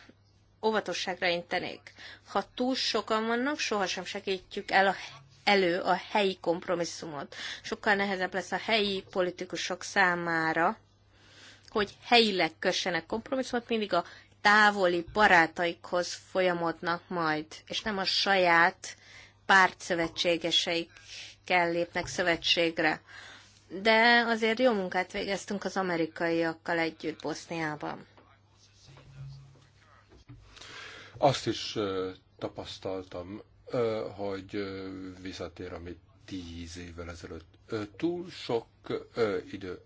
óvatosságra intenék. Ha túl sokan vannak, sohasem segítjük el a elő a helyi kompromisszumot. Sokkal nehezebb lesz a helyi politikusok számára, hogy helyileg kössenek kompromisszumot, mindig a távoli barátaikhoz folyamodnak majd, és nem a saját pártszövetségeseikkel lépnek szövetségre. De azért jó munkát végeztünk az amerikaiakkal együtt Boszniában. Azt is tapasztaltam, hogy visszatér, amit tíz évvel ezelőtt. Túl sok idő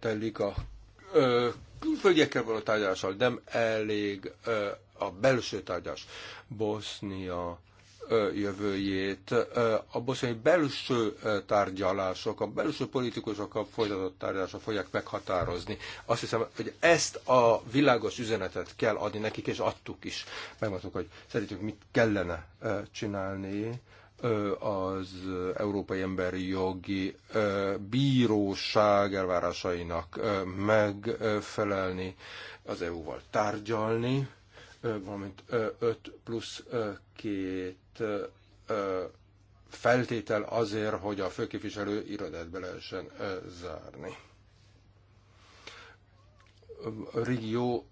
telik a külföldiekkel való tárgyalással, nem elég a belső tárgyalás. Bosznia jövőjét, a boszniai belső tárgyalások, a belső politikusokkal folytatott tárgyalások fogják meghatározni. Azt hiszem, hogy ezt a világos üzenetet kell adni nekik, és adtuk is. Megmondtuk, hogy szerintük mit kellene csinálni az Európai Emberi Jogi Bíróság elvárásainak megfelelni, az EU-val tárgyalni, valamint 5 plusz 2 feltétel azért, hogy a főképviselő irodát be lehessen zárni. A régió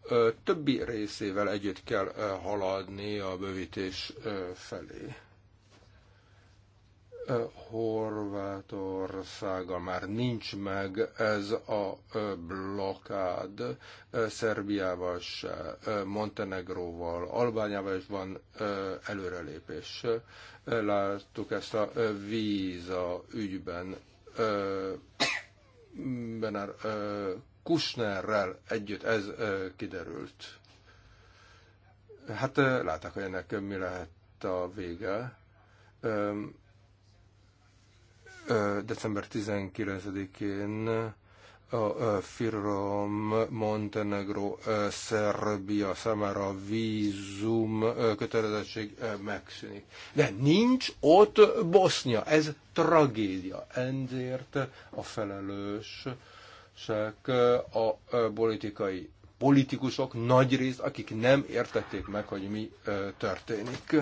többi részével együtt kell haladni a bővítés felé Horvátországa már nincs meg ez a blokád, Szerbiával se, Montenegróval, Albániával is van előrelépés. Láttuk ezt a víza ügyben, Benár Kusnerrel együtt ez kiderült. Hát látták, hogy ennek mi lehet a vége december 19-én a Firom Montenegro Szerbia számára vízum kötelezettség megszűnik. De nincs ott Bosznia, ez tragédia. Ezért a felelősek a politikai politikusok nagy részt, akik nem értették meg, hogy mi történik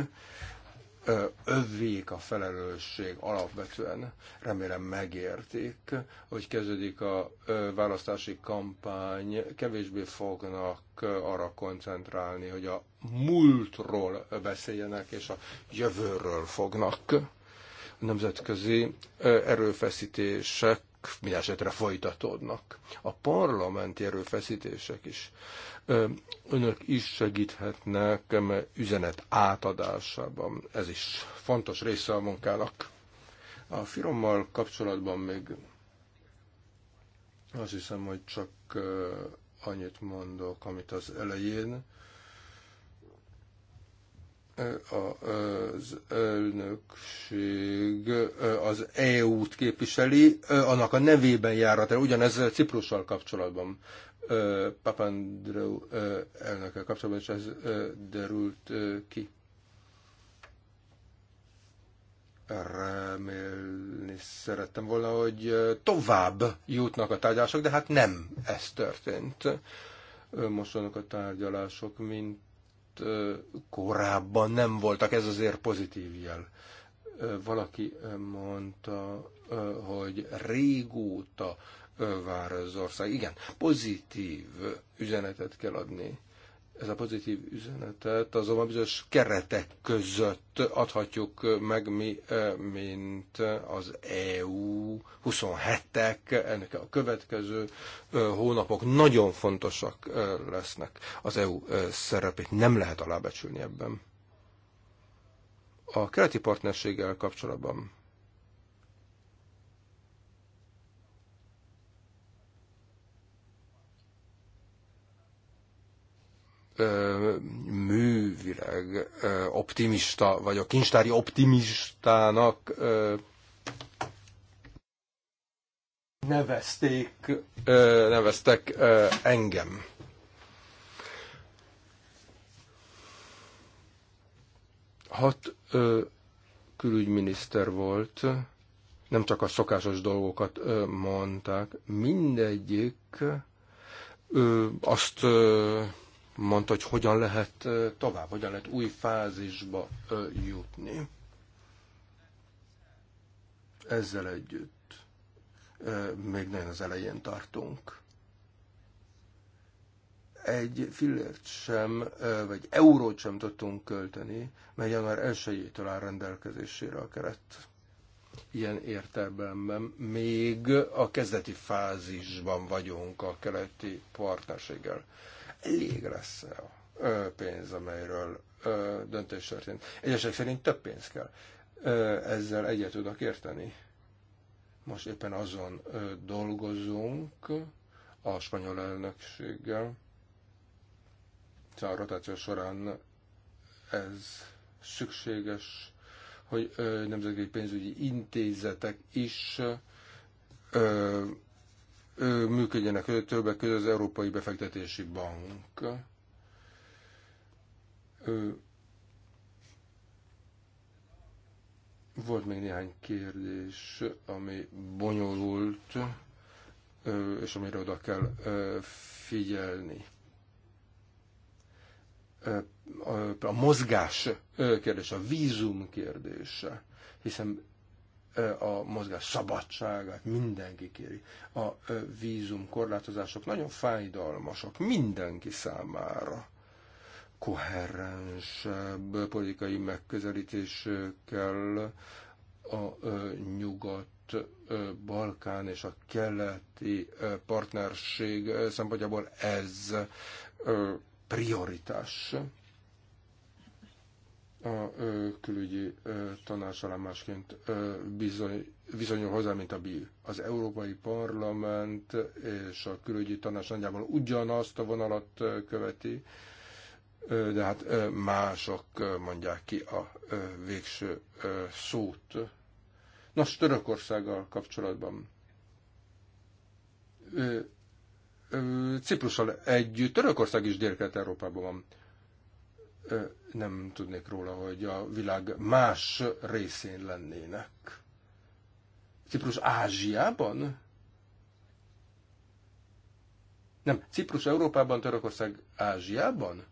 övvék a felelősség alapvetően. Remélem megértik, hogy kezdődik a választási kampány, kevésbé fognak arra koncentrálni, hogy a múltról beszéljenek, és a jövőről fognak. A nemzetközi erőfeszítések minden esetre folytatódnak. A parlamenti erőfeszítések is. Önök is segíthetnek üzenet átadásában. Ez is fontos része a munkának. A firommal kapcsolatban még azt hiszem, hogy csak annyit mondok, amit az elején az elnökség az EU-t képviseli, annak a nevében járhat el, ugyanez Ciprussal kapcsolatban. Papandreou elnökkel kapcsolatban, és ez derült ki. Remélni szerettem volna, hogy tovább jutnak a tárgyalások, de hát nem ez történt. Most vannak a tárgyalások, mint korábban nem voltak, ez azért pozitív jel. Valaki mondta, hogy régóta vár az ország. Igen, pozitív üzenetet kell adni ez a pozitív üzenetet azonban bizonyos keretek között adhatjuk meg mi, e, mint az EU 27-ek, ennek a következő e, hónapok nagyon fontosak e, lesznek. Az EU szerepét nem lehet alábecsülni ebben. A keleti partnerséggel kapcsolatban művileg optimista vagyok, kincstári optimistának nevezték, neveztek engem. Hat külügyminiszter volt, nem csak a szokásos dolgokat mondták, mindegyik azt mondta, hogy hogyan lehet tovább, hogyan lehet új fázisba jutni. Ezzel együtt még nagyon az elején tartunk. Egy fillért sem, vagy eurót sem tudtunk költeni, mert január 1-től áll rendelkezésére a keret ilyen értelemben még a kezdeti fázisban vagyunk a keleti partnerséggel elég lesz a pénz, amelyről döntés történt. Egyesek szerint több pénz kell. Ezzel egyet tudok érteni. Most éppen azon dolgozunk a spanyol elnökséggel. Szóval a rotáció során ez szükséges, hogy nemzetközi pénzügyi intézetek is működjenek többek között az Európai Befektetési Bank. Volt még néhány kérdés, ami bonyolult, és amire oda kell figyelni. A mozgás kérdése, a vízum kérdése, hiszen a mozgás szabadságát mindenki kéri. A vízum korlátozások nagyon fájdalmasak mindenki számára. Koherensebb politikai megközelítés kell a nyugat Balkán és a keleti partnerség szempontjából ez prioritás a külügyi tanács alá másként bizony, bizonyul hozzá, mint a BIL. Az Európai Parlament és a külügyi tanács nagyjából ugyanazt a vonalat követi, de hát mások mondják ki a végső szót. Nos, Törökországgal kapcsolatban. Ciprussal együtt Törökország is dél európában van nem tudnék róla, hogy a világ más részén lennének. Ciprus Ázsiában? Nem, Ciprus Európában, Törökország Ázsiában?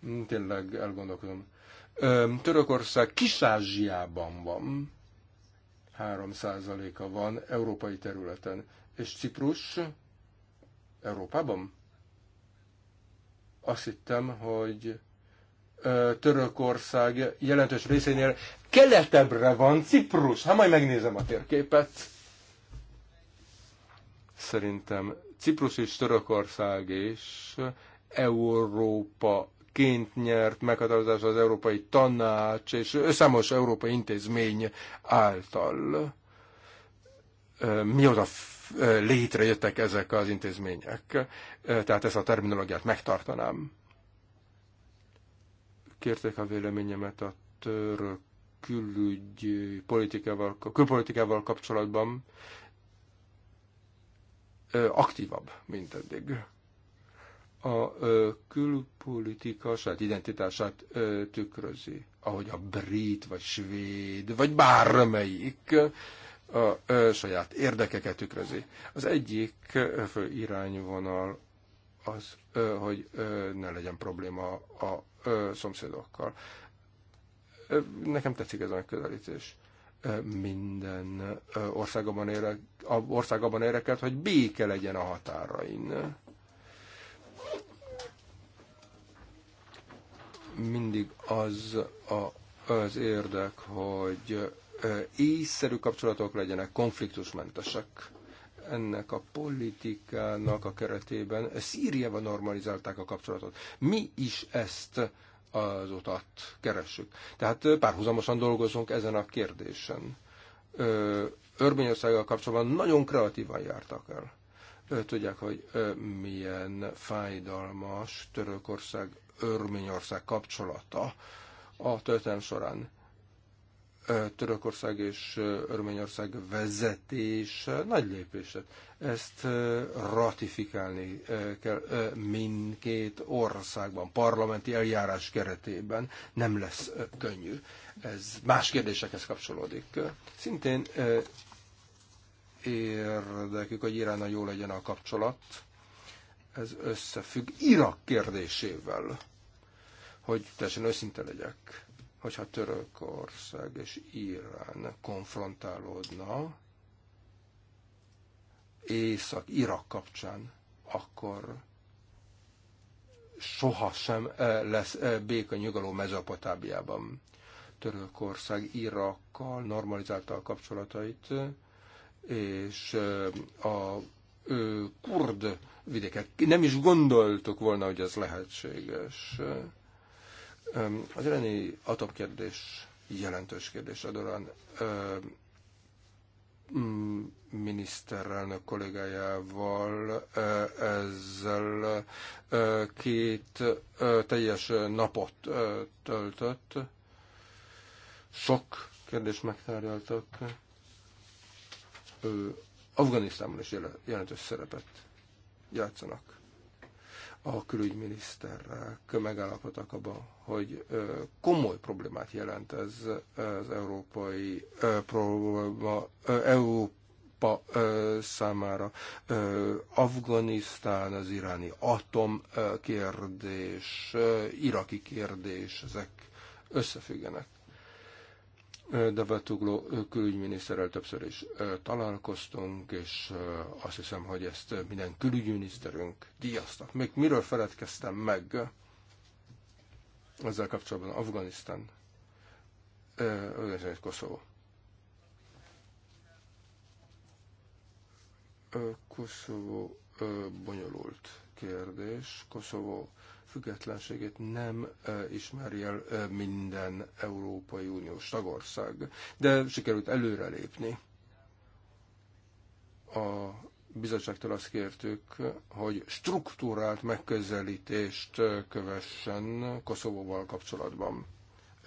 Hmm, tényleg elgondolkodom. Törökország Kis-Ázsiában van. 3%-a van európai területen. És Ciprus Európában? Azt hittem, hogy Törökország jelentős részénél keletebbre van Ciprus. Ha hát majd megnézem a térképet. Szerintem Ciprus és Törökország és Európa ként nyert meghatározás az Európai Tanács és számos európai intézmény által mióta létrejöttek ezek az intézmények. Tehát ezt a terminológiát megtartanám. Kérték a véleményemet a török külügy politikával, külpolitikával kapcsolatban aktívabb, mint eddig. A külpolitika saját identitását tükrözi, ahogy a brit, vagy svéd, vagy bármelyik a saját érdekeket tükrözi. Az egyik fő irányvonal az, hogy ne legyen probléma a szomszédokkal. Nekem tetszik ez a megközelítés. Minden országban érek, országban érekelt, hogy béke legyen a határain. Mindig az a, az érdek, hogy észszerű kapcsolatok legyenek, konfliktusmentesek Ennek a politikának a keretében Szíriában normalizálták a kapcsolatot. Mi is ezt az utat keressük. Tehát párhuzamosan dolgozunk ezen a kérdésen. Örményországgal kapcsolatban nagyon kreatívan jártak el. Tudják, hogy milyen fájdalmas Törökország-Örményország kapcsolata a történelm során Törökország és Örményország vezetése nagy lépéset. Ezt ratifikálni kell mindkét országban, parlamenti eljárás keretében. Nem lesz könnyű. Ez más kérdésekhez kapcsolódik. Szintén érdekük, hogy a jó legyen a kapcsolat. Ez összefügg Irak kérdésével, hogy teljesen őszinte legyek hogyha Törökország és Irán konfrontálódna Észak-Irak kapcsán, akkor sohasem eh, lesz eh, béka nyugalom mezopotábiában. Törökország Irakkal normalizálta a kapcsolatait, és eh, a kurd vidéket nem is gondoltuk volna, hogy ez lehetséges. Az iráni atomkérdés jelentős kérdés Adorán miniszterelnök kollégájával ezzel két teljes napot töltött. Sok kérdést megtárgyaltak. Afganisztánban is jelentős szerepet játszanak a külügyminiszterrel megállapodtak abban, hogy komoly problémát jelent ez az európai probléma, Európa számára. Afganisztán, az iráni atomkérdés, iraki kérdés, ezek összefüggenek. Davatugló külügyminiszterrel többször is találkoztunk, és azt hiszem, hogy ezt minden külügyminiszterünk díjaztak. Még miről feledkeztem meg ezzel kapcsolatban? Afganisztán, Koszovó. Koszovó bonyolult kérdés. Koszovó függetlenségét nem ismeri el minden Európai Uniós tagország, de sikerült előrelépni. A bizottságtól azt kértük, hogy struktúrált megközelítést kövessen Koszovóval kapcsolatban.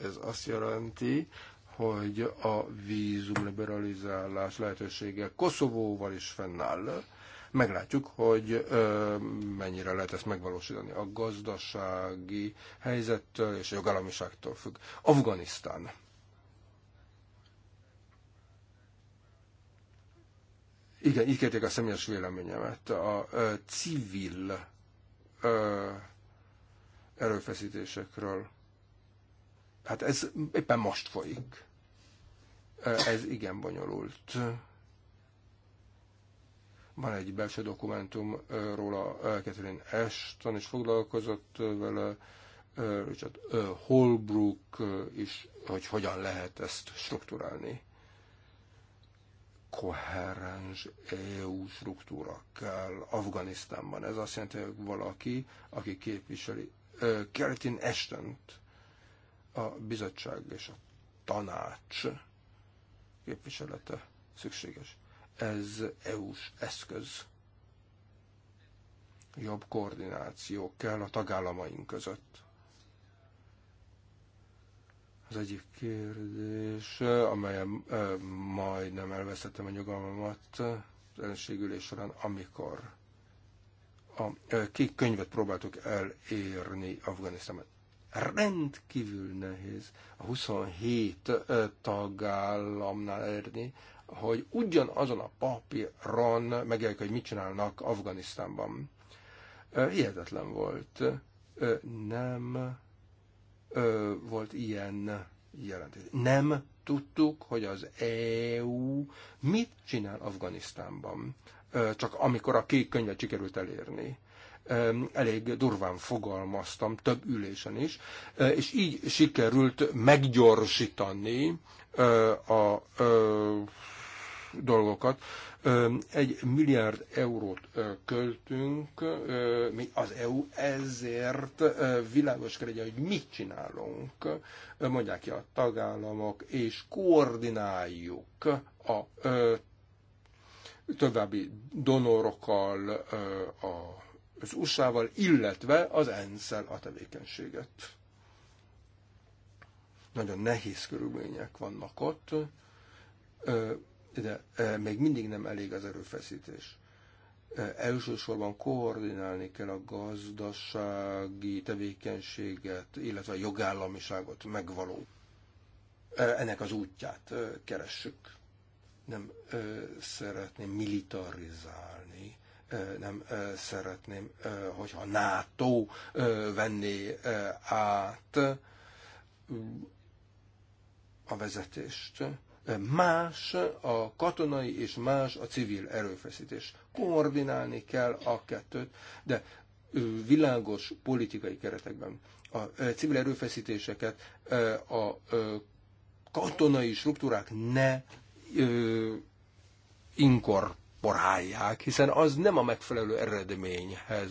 Ez azt jelenti, hogy a vízum liberalizálás lehetősége Koszovóval is fennáll Meglátjuk, hogy mennyire lehet ezt megvalósítani. A gazdasági helyzettől és a jogállamiságtól függ. Afganisztán. Igen, így kérték a személyes véleményemet. A ö, civil ö, erőfeszítésekről. Hát ez éppen most folyik. Ez igen bonyolult. Van egy belső dokumentum róla, eh, Catherine Ashton is foglalkozott eh, vele, eh, Richard Holbrook is, hogy hogyan lehet ezt strukturálni. Koherens EU struktúra kell Afganisztánban. Ez azt jelenti, hogy valaki, aki képviseli Keretin Estent, a bizottság és a tanács képviselete szükséges ez EU-s eszköz. Jobb koordináció kell a tagállamaink között. Az egyik kérdés, amelyen majdnem elveszettem a nyugalmamat az ellenségülés során, amikor a kék könyvet próbáltuk elérni Afganisztánban. Rendkívül nehéz a 27 tagállamnál elérni, hogy ugyanazon a papíron megjelölik, hogy mit csinálnak Afganisztánban. Hihetetlen volt. Nem volt ilyen jelentés. Nem tudtuk, hogy az EU mit csinál Afganisztánban, csak amikor a kék könyvet sikerült elérni. Elég durván fogalmaztam több ülésen is, és így sikerült meggyorsítani a dolgokat. Egy milliárd eurót költünk, mi az EU ezért világos kell hogy mit csinálunk, mondják ki a tagállamok, és koordináljuk a további donorokkal, az USA-val, illetve az ensz a tevékenységet nagyon nehéz körülmények vannak ott de még mindig nem elég az erőfeszítés. Elsősorban koordinálni kell a gazdasági tevékenységet, illetve a jogállamiságot megvaló. Ennek az útját keressük. Nem szeretném militarizálni nem szeretném, hogyha NATO venné át mm, a vezetést. Más a katonai és más a civil erőfeszítés. Koordinálni kell a kettőt, de világos politikai keretekben. A civil erőfeszítéseket a katonai struktúrák ne inkorporálják, hiszen az nem a megfelelő eredményhez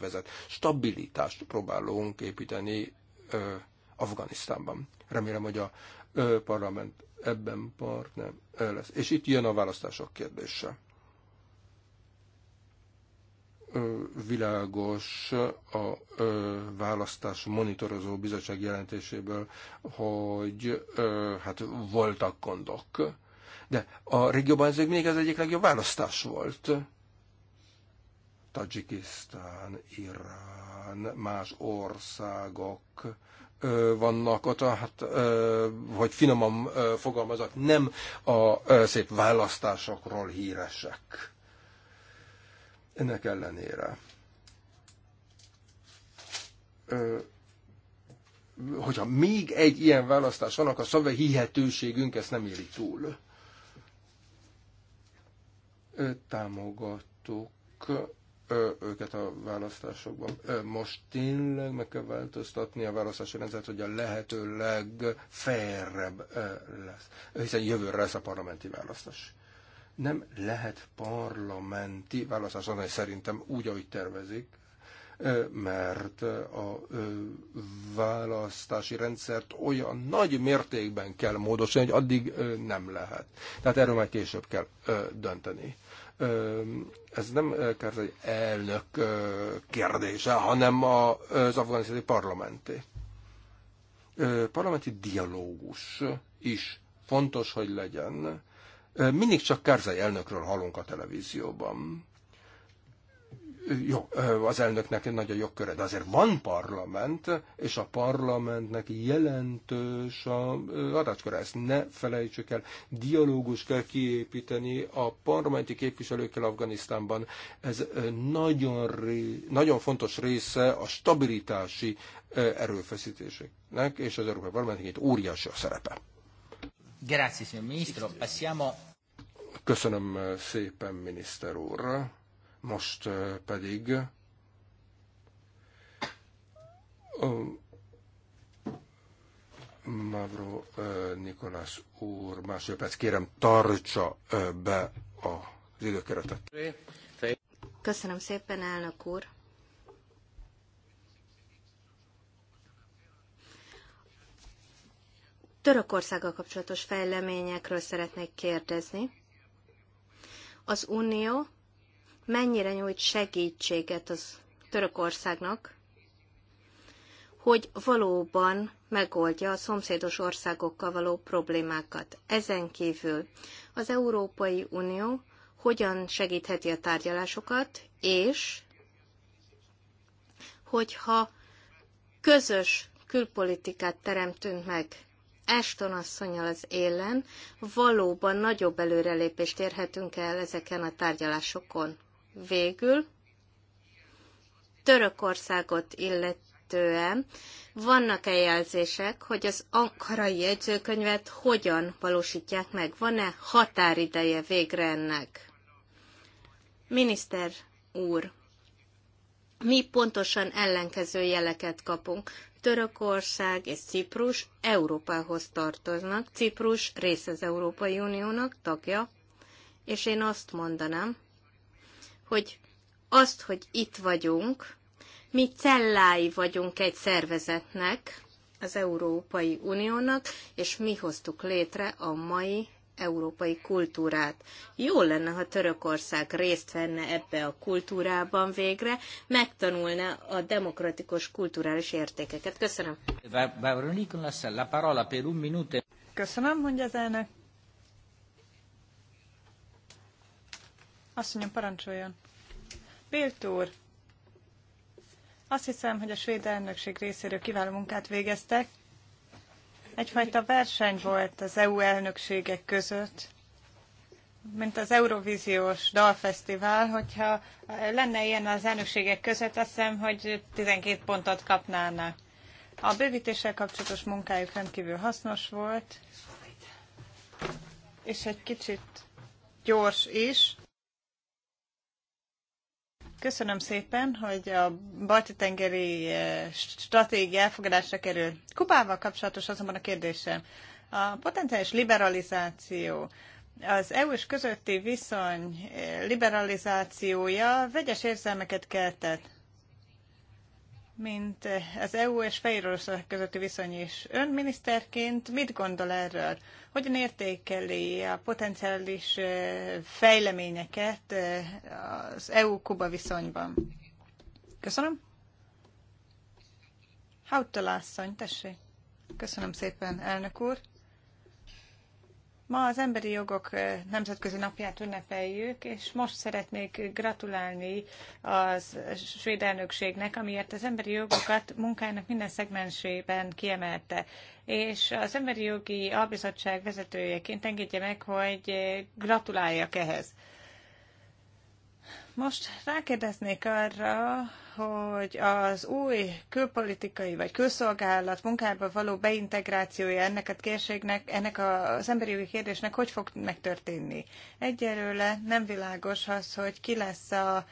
vezet. Stabilitást próbálunk építeni Afganisztánban. Remélem, hogy a parlament ebben part nem lesz. És itt jön a választások kérdése. Világos a választás monitorozó bizottság jelentéséből, hogy hát voltak gondok. De a régióban ez még az egyik legjobb választás volt. Tajikisztán, Irán, más országok vannak ott, hát, hogy finoman fogalmazok, nem a szép választásokról híresek. Ennek ellenére hogyha még egy ilyen választás van, akkor szava hihetőségünk ezt nem éri túl. Támogattuk őket a választásokban. Most tényleg meg kell változtatni a választási rendszert, hogy a lehető legfairebb lesz, hiszen jövőre lesz a parlamenti választás. Nem lehet parlamenti választás, hanem szerintem úgy, ahogy tervezik, mert a választási rendszert olyan nagy mértékben kell módosítani, hogy addig nem lehet. Tehát erről majd később kell dönteni ez nem Karzai elnök kérdése, hanem az afganisztáni parlamenti. Parlamenti dialógus is fontos, hogy legyen. Mindig csak Kárzai elnökről hallunk a televízióban jó, az elnöknek nagy a jogköre, de azért van parlament, és a parlamentnek jelentős a hatásköre. Ezt ne felejtsük el. Dialógus kell kiépíteni a parlamenti képviselőkkel Afganisztánban. Ez nagyon, ré, nagyon fontos része a stabilitási erőfeszítéseknek, és az Európai Parlamentnek itt óriási a szerepe. Grazie, signor Ministro. Passiamo... Köszönöm szépen, miniszter úr most pedig Mavro Nikolás úr, másodperc, kérem, tartsa be az időkeretet. Köszönöm szépen, elnök úr. Törökországgal kapcsolatos fejleményekről szeretnék kérdezni. Az Unió mennyire nyújt segítséget az Törökországnak, hogy valóban megoldja a szomszédos országokkal való problémákat. Ezen kívül az Európai Unió hogyan segítheti a tárgyalásokat, és hogyha közös külpolitikát teremtünk meg Ashton asszonyal az élen, valóban nagyobb előrelépést érhetünk el ezeken a tárgyalásokon. Végül Törökországot illetően vannak-e jelzések, hogy az ankarai jegyzőkönyvet hogyan valósítják meg? Van-e határideje végre ennek? Miniszter úr, mi pontosan ellenkező jeleket kapunk. Törökország és Ciprus Európához tartoznak, Ciprus része az Európai Uniónak, tagja, és én azt mondanám, hogy azt, hogy itt vagyunk, mi cellái vagyunk egy szervezetnek, az Európai Uniónak, és mi hoztuk létre a mai európai kultúrát. Jó lenne, ha Törökország részt venne ebbe a kultúrában végre, megtanulna a demokratikus kulturális értékeket. Köszönöm. Köszönöm, mondja az elnök. Azt parancsoljon. Bélt úr, azt hiszem, hogy a svéd elnökség részéről kiváló munkát végeztek. Egyfajta verseny volt az EU elnökségek között, mint az Eurovíziós Dalfesztivál, hogyha lenne ilyen az elnökségek között, azt hiszem, hogy 12 pontot kapnának. A bővítéssel kapcsolatos munkájuk rendkívül hasznos volt, és egy kicsit gyors is. Köszönöm szépen, hogy a balti-tengeri eh, stratégia elfogadásra kerül. Kubával kapcsolatos azonban a kérdésem. A potenciális liberalizáció, az EU és közötti viszony eh, liberalizációja vegyes érzelmeket keltett mint az EU és Fehéroroszország közötti viszony is. Ön miniszterként mit gondol erről? Hogyan értékeli a potenciális fejleményeket az EU-Kuba viszonyban? Köszönöm. Hautala asszony, tessék. Köszönöm szépen, elnök úr. Ma az emberi jogok eh, nemzetközi napját ünnepeljük, és most szeretnék gratulálni az svéd elnökségnek, amiért az emberi jogokat munkának minden szegmensében kiemelte. És az emberi jogi albizottság vezetőjeként engedje meg, hogy eh, gratuláljak ehhez. Most rákérdeznék arra, hogy az új külpolitikai vagy külszolgálat munkába való beintegrációja ennek a térségnek, ennek az emberi jogi kérdésnek hogy fog megtörténni. Egyelőre nem világos az, hogy ki lesz a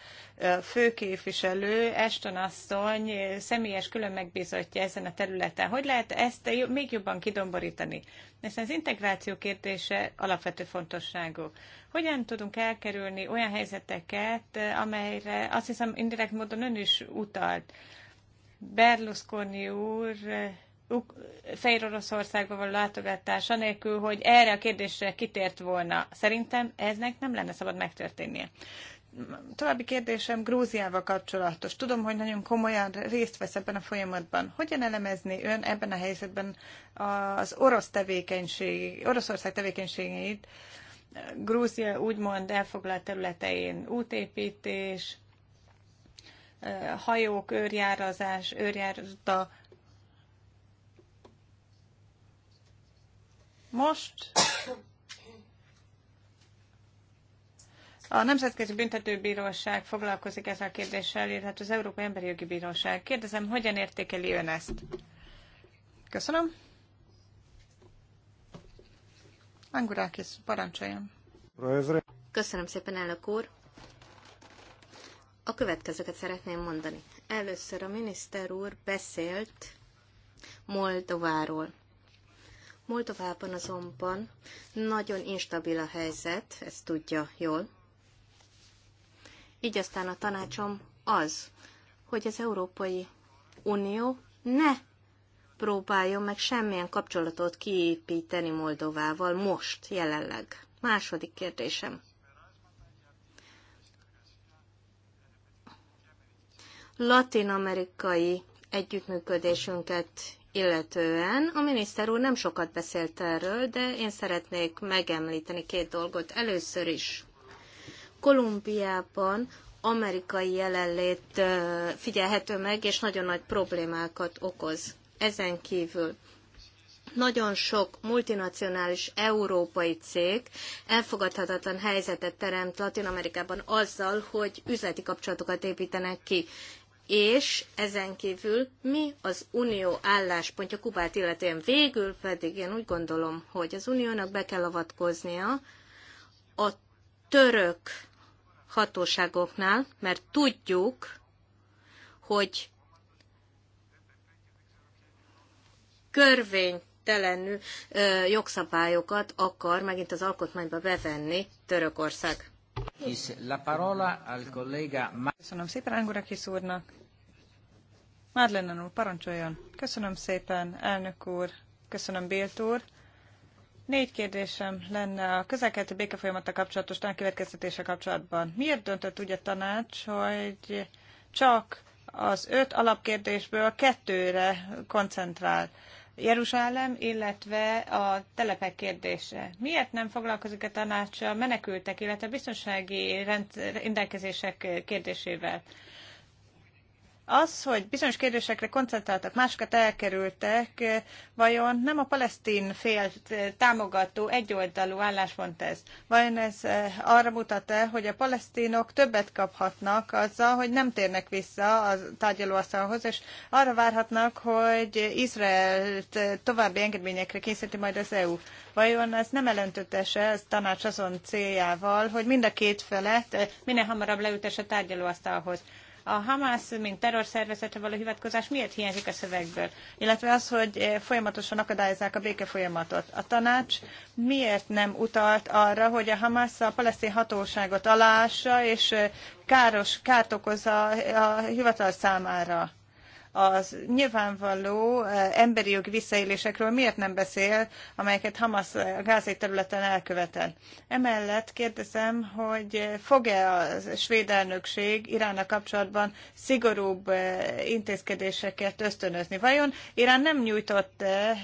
főképviselő, Eston asszony személyes külön megbizotja ezen a területen. Hogy lehet ezt még jobban kidomborítani? Hiszen az integráció kérdése alapvető fontosságú. Hogyan tudunk elkerülni olyan helyzeteket, amelyre azt hiszem indirekt módon ön is is utalt. Berlusconi úr eh, Fehér Oroszországba való látogatása nélkül, hogy erre a kérdésre kitért volna. Szerintem eznek nem lenne szabad megtörténnie. További kérdésem Grúziával kapcsolatos. Tudom, hogy nagyon komolyan részt vesz ebben a folyamatban. Hogyan elemezni ön ebben a helyzetben az orosz tevékenység, Oroszország tevékenységeit, Grúzia úgymond elfoglalt területein útépítés, hajók őrjárazás, őrjárda. Most a Nemzetközi Büntetőbíróság foglalkozik ezzel a kérdéssel, illetve az Európai Emberi Jogi Bíróság. Kérdezem, hogyan értékeli ön ezt? Köszönöm. Angurakis, parancsoljon. Köszönöm szépen, elnök úr. A következőket szeretném mondani. Először a miniszter úr beszélt Moldováról. Moldovában azonban nagyon instabil a helyzet, ezt tudja jól. Így aztán a tanácsom az, hogy az Európai Unió ne próbáljon meg semmilyen kapcsolatot kiépíteni Moldovával most, jelenleg. Második kérdésem. latin-amerikai együttműködésünket illetően. A miniszter úr nem sokat beszélt erről, de én szeretnék megemlíteni két dolgot. Először is Kolumbiában amerikai jelenlét figyelhető meg, és nagyon nagy problémákat okoz. Ezen kívül nagyon sok multinacionális európai cég elfogadhatatlan helyzetet teremt Latin Amerikában azzal, hogy üzleti kapcsolatokat építenek ki és ezen kívül mi az unió álláspontja Kubát illetően. Végül pedig én úgy gondolom, hogy az uniónak be kell avatkoznia a török hatóságoknál, mert tudjuk, hogy körvénytelenül jogszabályokat akar megint az alkotmányba bevenni Törökország. Köszönöm szépen Angurakis úrnak. Madlenan úr, parancsoljon. Köszönöm szépen, elnök úr. Köszönöm, Bélt úr. Négy kérdésem lenne a közelkeleti békefolyamata kapcsolatos tankövetkeztetése kapcsolatban. Miért döntött úgy a tanács, hogy csak az öt alapkérdésből kettőre koncentrál? Jeruzsálem, illetve a telepek kérdése. Miért nem foglalkozik a tanács a menekültek, illetve a biztonsági rendelkezések kérdésével? Az, hogy bizonyos kérdésekre koncentráltak, másokat elkerültek, vajon nem a palesztin fél támogató egyoldalú álláspont ez? Vajon ez eh, arra mutat-e, hogy a palesztinok többet kaphatnak azzal, hogy nem térnek vissza a tárgyalóasztalhoz, és arra várhatnak, hogy Izraelt további engedményekre készíti majd az EU? Vajon ez nem elöntötese ez tanács azon céljával, hogy mind a két felet eh, minél hamarabb leütesse a tárgyalóasztalhoz? A Hamász, mint terrorszervezetre való hivatkozás miért hiányzik a szövegből? Illetve az, hogy eh, folyamatosan akadályozzák a béke folyamatot. A tanács miért nem utalt arra, hogy a Hamász a palesztin hatóságot alássa és eh, káros, kárt okozza a hivatal számára? az nyilvánvaló eh, emberi jogi visszaélésekről miért nem beszél, amelyeket Hamas eh, a gázai területen elkövetett. Emellett kérdezem, hogy fog-e a svéd elnökség Iránnal kapcsolatban szigorúbb eh, intézkedéseket ösztönözni? Vajon Irán nem nyújtott -e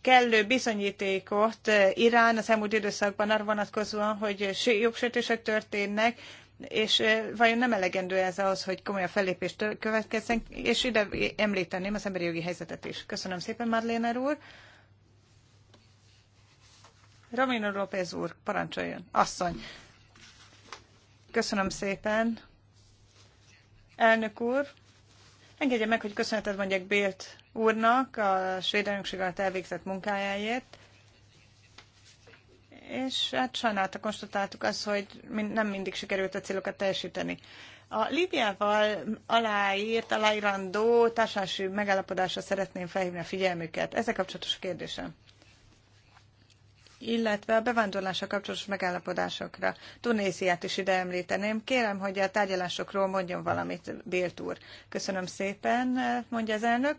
kellő bizonyítékot Irán az elmúlt időszakban arra vonatkozóan, hogy jogsértések történnek, és vajon nem elegendő ez ahhoz, hogy komolyan fellépést következzen, és ide említeném az emberi jogi helyzetet is. Köszönöm szépen, Marléner úr. Ramino López úr, parancsoljon. Asszony. Köszönöm szépen. Elnök úr, engedje meg, hogy köszönetet mondjak Bélt úrnak a svéd elnökség alatt elvégzett munkájáért és hát sajnálta konstatáltuk azt, hogy nem mindig sikerült a célokat teljesíteni. A Líbiával aláírt, aláírandó társadalmi megállapodásra szeretném felhívni a figyelmüket. Ezzel kapcsolatos a kérdésem illetve a bevándorlással kapcsolatos megállapodásokra. Tunéziát is ide említeném. Kérem, hogy a tárgyalásokról mondjon valamit, Bélt úr. Köszönöm szépen, mondja az elnök.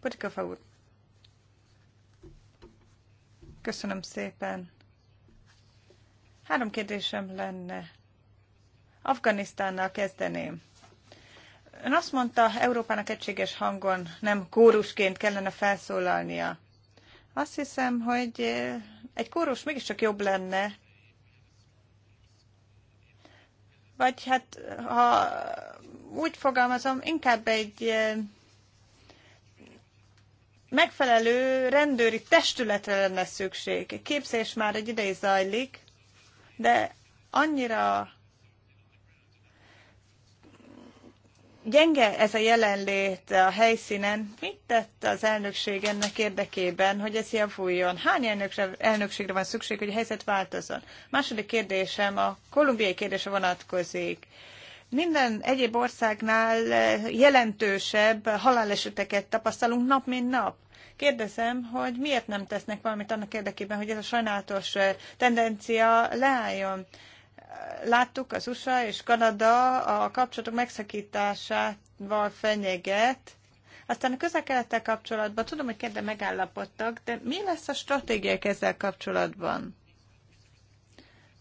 Potikafa úr. Köszönöm szépen. Három kérdésem lenne. Afganisztánnal kezdeném. Ön azt mondta, Európának egységes hangon nem kórusként kellene felszólalnia. Azt hiszem, hogy eh, egy kórus mégiscsak jobb lenne, vagy hát, ha úgy fogalmazom, inkább egy eh, megfelelő rendőri testületre lenne szükség. Képzés már egy ideig zajlik, de annyira gyenge ez a jelenlét a helyszínen. Mit tett az elnökség ennek érdekében, hogy ez javuljon? Hány elnökre, elnökségre van szükség, hogy a helyzet változzon? Második kérdésem a kolumbiai kérdése vonatkozik. Minden egyéb országnál eh, jelentősebb haláleseteket tapasztalunk nap, mint nap. Kérdezem, hogy miért nem tesznek valamit annak érdekében, hogy ez a sajnálatos eh, tendencia leálljon. Láttuk az USA és Kanada a kapcsolatok megszakításával fenyeget, aztán a közel-kelettel kapcsolatban tudom, hogy kedden megállapodtak, de mi lesz a stratégiák ezzel kapcsolatban?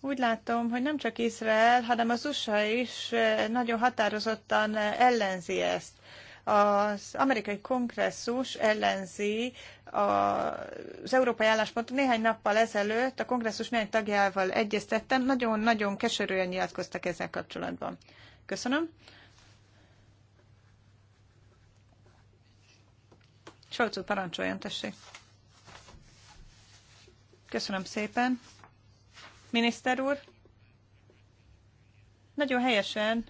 Úgy látom, hogy nem csak Izrael, hanem az USA is eh, nagyon határozottan eh, ellenzi ezt. Az amerikai kongresszus ellenzi az európai álláspontot. Néhány nappal ezelőtt a kongresszus néhány tagjával egyeztettem, nagyon-nagyon keserűen nyilatkoztak ezzel kapcsolatban. Köszönöm. Solc parancsoljon, tessék. Köszönöm szépen. Miniszter úr, nagyon helyesen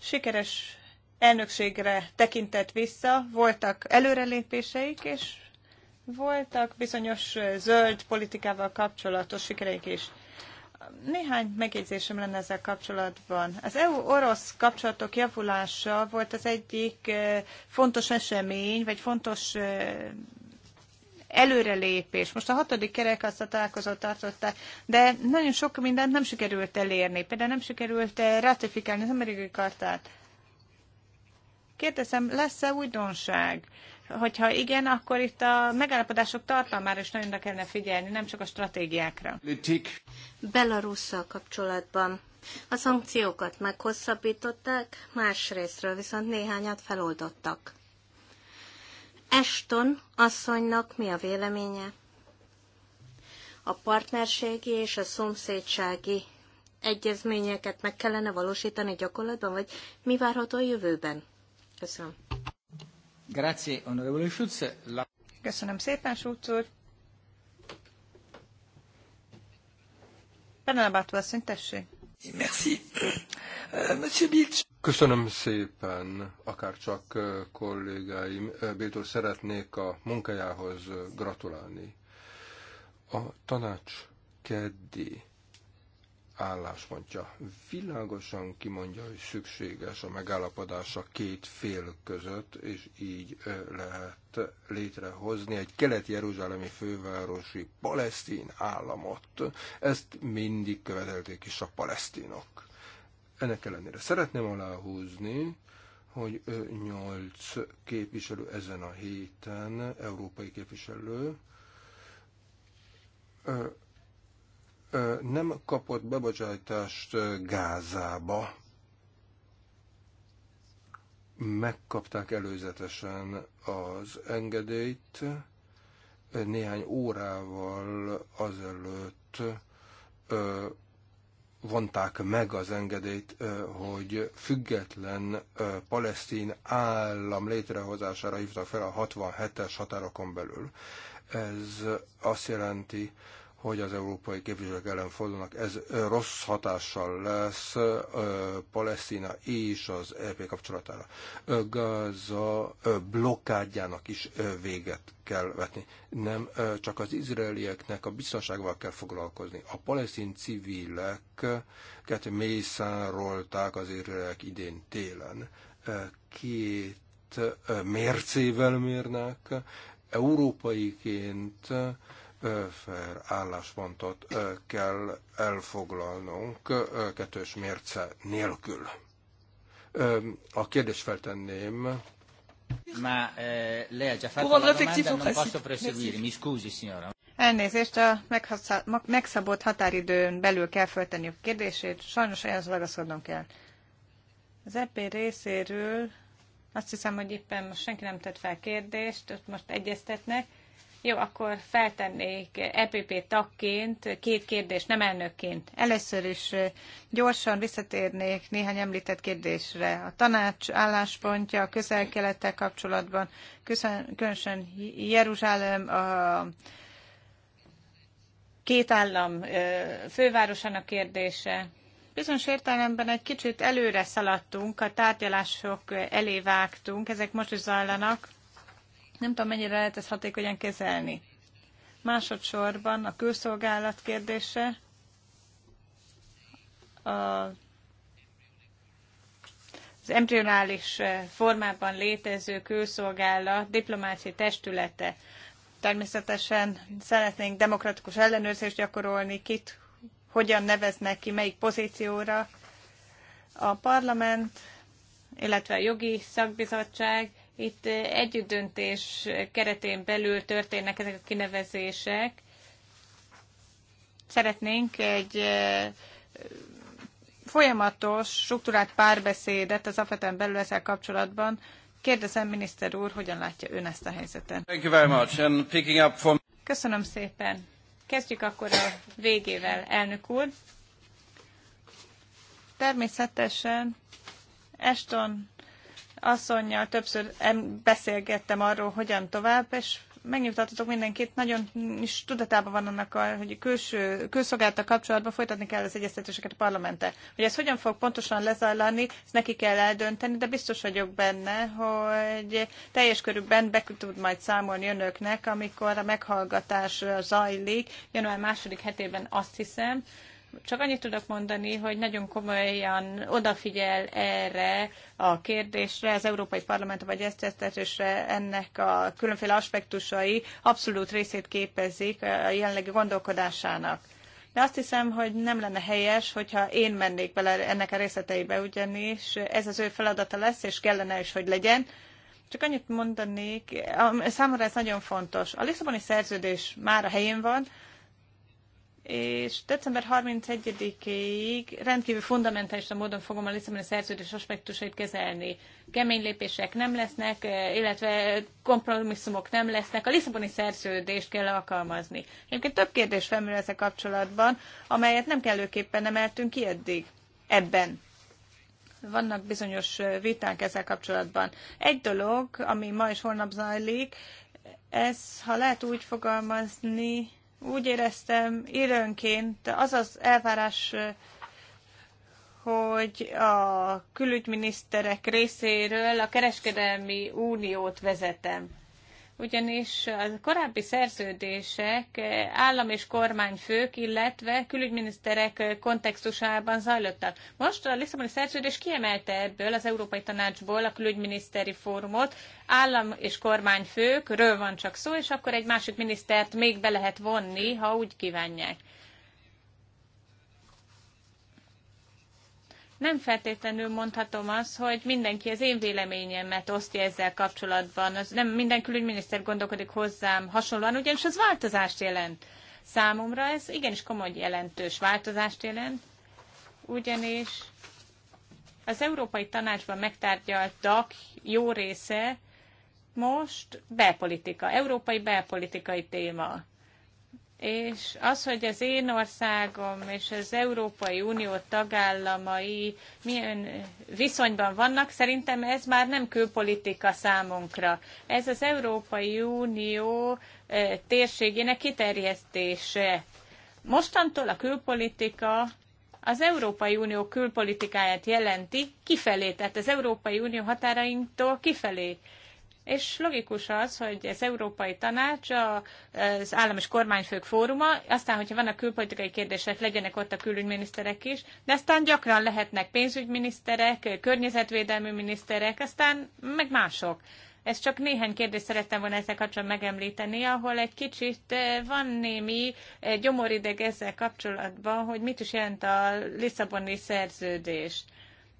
sikeres elnökségre tekintett vissza, voltak előrelépéseik, és voltak bizonyos zöld politikával kapcsolatos sikereik is. Néhány megjegyzésem lenne ezzel kapcsolatban. Az EU-orosz kapcsolatok javulása volt az egyik fontos esemény, vagy fontos előrelépés. Most a hatodik kerekasztal találkozót tartották, de nagyon sok mindent nem sikerült elérni. Például nem sikerült eh, ratifikálni az amerikai kartát. Kérdezem, lesz-e újdonság? Hogyha igen, akkor itt a megállapodások tartalmára is nagyon kellene figyelni, nem csak a stratégiákra. Belarusszal kapcsolatban a szankciókat meghosszabbították, másrésztről viszont néhányat feloldottak. Eston asszonynak mi a véleménye? A partnerségi és a szomszédsági egyezményeket meg kellene valósítani gyakorlatban, vagy mi várható a jövőben? Köszönöm. Grazie, onorevole Schütze. La... Köszönöm szépen, Schulz úr. Penelabától asszony, tessék. Merci. Euh, Monsieur Bilcs. Köszönöm szépen, akár csak kollégáim. Bétor szeretnék a munkájához gratulálni. A tanács keddi álláspontja világosan kimondja, hogy szükséges a megállapodás a két fél között, és így lehet létrehozni egy kelet-jeruzsálemi fővárosi palesztin államot. Ezt mindig követelték is a palesztinok. Ennek ellenére szeretném aláhúzni, hogy 8 képviselő ezen a héten, európai képviselő, nem kapott bebocsájtást Gázába. Megkapták előzetesen az engedélyt néhány órával azelőtt vonták meg az engedélyt, hogy független palesztin állam létrehozására hívta fel a 67-es határokon belül. Ez azt jelenti, hogy az európai képviselők ellen fordulnak. Ez rossz hatással lesz Palesztina és az EP kapcsolatára. Gaza blokkádjának is véget kell vetni. Nem csak az izraelieknek a biztonságával kell foglalkozni. A palesztin civileket mészárolták az izraeliek idén télen. Két mércével mérnek, európaiként fair álláspontot kell elfoglalnunk kettős mérce nélkül. A kérdést feltenném. Ma eh, lei ha Elnézést, a megszabott határidőn belül kell föltenni a kérdését, sajnos ehhez ragaszkodnom kell. Az EP részéről azt hiszem, hogy éppen most senki nem tett fel kérdést, ott most egyeztetnek. Jó, akkor feltennék EPP tagként két kérdést, nem elnökként. Először is gyorsan visszatérnék néhány említett kérdésre. A tanács álláspontja a közel kapcsolatban, különösen Jeruzsálem a két állam fővárosának kérdése, bizonyos értelemben egy kicsit előre szaladtunk, a tárgyalások elé vágtunk, ezek most is zajlanak nem tudom, mennyire lehet ezt hatékonyan kezelni. Másodszorban a külszolgálat kérdése, a, az embryonális eh, formában létező külszolgálat diplomáciai testülete. Természetesen szeretnénk demokratikus ellenőrzést gyakorolni, kit hogyan neveznek ki, melyik pozícióra. A parlament, illetve a jogi szakbizottság itt együttdöntés keretén belül történnek ezek a kinevezések. Szeretnénk egy folyamatos, struktúrált párbeszédet az afeten belül ezzel kapcsolatban. Kérdezem, miniszter úr, hogyan látja ön ezt a helyzetet? Thank you very much. And picking up from... Köszönöm szépen. Kezdjük akkor a végével, elnök úr. Természetesen Eston asszonynal többször beszélgettem arról, hogyan tovább, és megnyugtatotok mindenkit, nagyon is tudatában van annak, a, hogy külső, külszolgálta kapcsolatban folytatni kell az egyeztetéseket a parlamente. Hogy ez hogyan fog pontosan lezajlani, ezt neki kell eldönteni, de biztos vagyok benne, hogy teljes körülben be tud majd számolni önöknek, amikor a meghallgatás zajlik, január második hetében azt hiszem, csak annyit tudok mondani, hogy nagyon komolyan odafigyel erre a kérdésre, az Európai Parlament vagy egyeztetésre ennek a különféle aspektusai abszolút részét képezik a jelenlegi gondolkodásának. De azt hiszem, hogy nem lenne helyes, hogyha én mennék bele ennek a részleteibe, ugyanis ez az ő feladata lesz, és kellene is, hogy legyen. Csak annyit mondanék, számomra ez nagyon fontos. A Lisszaboni szerződés már a helyén van, és december 31-ig rendkívül fundamentális a módon fogom a Lisszaboni szerződés aspektusait kezelni. Kemény lépések nem lesznek, illetve kompromisszumok nem lesznek. A Lisszaboni szerződést kell alkalmazni. Egyébként több kérdés felmerül ezzel kapcsolatban, amelyet nem kellőképpen emeltünk ki eddig ebben. Vannak bizonyos viták ezzel kapcsolatban. Egy dolog, ami ma és holnap zajlik, ez, ha lehet úgy fogalmazni, úgy éreztem időnként az az elvárás, hogy a külügyminiszterek részéről a kereskedelmi uniót vezetem ugyanis a korábbi szerződések eh, állam és kormányfők, illetve külügyminiszterek eh, kontextusában zajlottak. Most a Lisszaboni szerződés kiemelte ebből az Európai Tanácsból a külügyminiszteri fórumot, állam és kormányfőkről van csak szó, és akkor egy másik minisztert még be lehet vonni, ha úgy kívánják. nem feltétlenül mondhatom azt, hogy mindenki az én véleményemet osztja ezzel kapcsolatban. Az nem minden külügyminiszter gondolkodik hozzám hasonlóan, ugyanis az változást jelent. Számomra ez igenis komoly jelentős változást jelent, ugyanis az Európai Tanácsban megtárgyalt DAC jó része most belpolitika, európai belpolitikai téma és az, hogy az én országom és az Európai Unió tagállamai milyen viszonyban vannak, szerintem ez már nem külpolitika számunkra. Ez az Európai Unió térségének kiterjesztése. Mostantól a külpolitika az Európai Unió külpolitikáját jelenti kifelé, tehát az Európai Unió határainktól kifelé és logikus az, hogy az Európai Tanács, az állam és kormányfők fóruma, aztán, hogyha vannak külpolitikai kérdések, legyenek ott a külügyminiszterek is, de aztán gyakran lehetnek pénzügyminiszterek, környezetvédelmi miniszterek, aztán meg mások. Ez csak néhány kérdést szerettem volna ezzel kapcsolatban megemlíteni, ahol egy kicsit eh, van némi eh, gyomorideg ezzel kapcsolatban, hogy mit is jelent a Lisszaboni szerződés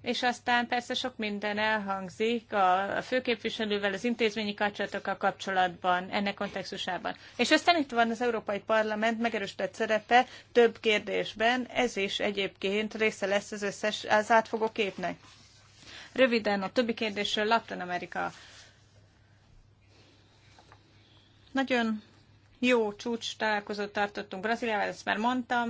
és aztán persze sok minden elhangzik a, főképviselővel, az intézményi kapcsolatokkal kapcsolatban, ennek kontextusában. És aztán itt van az Európai Parlament megerősített szerepe több kérdésben, ez is egyébként része lesz az összes az átfogó képnek. Röviden a többi kérdésről Latin Amerika. Nagyon jó csúcs találkozót tartottunk Brazíliával, ezt már mondtam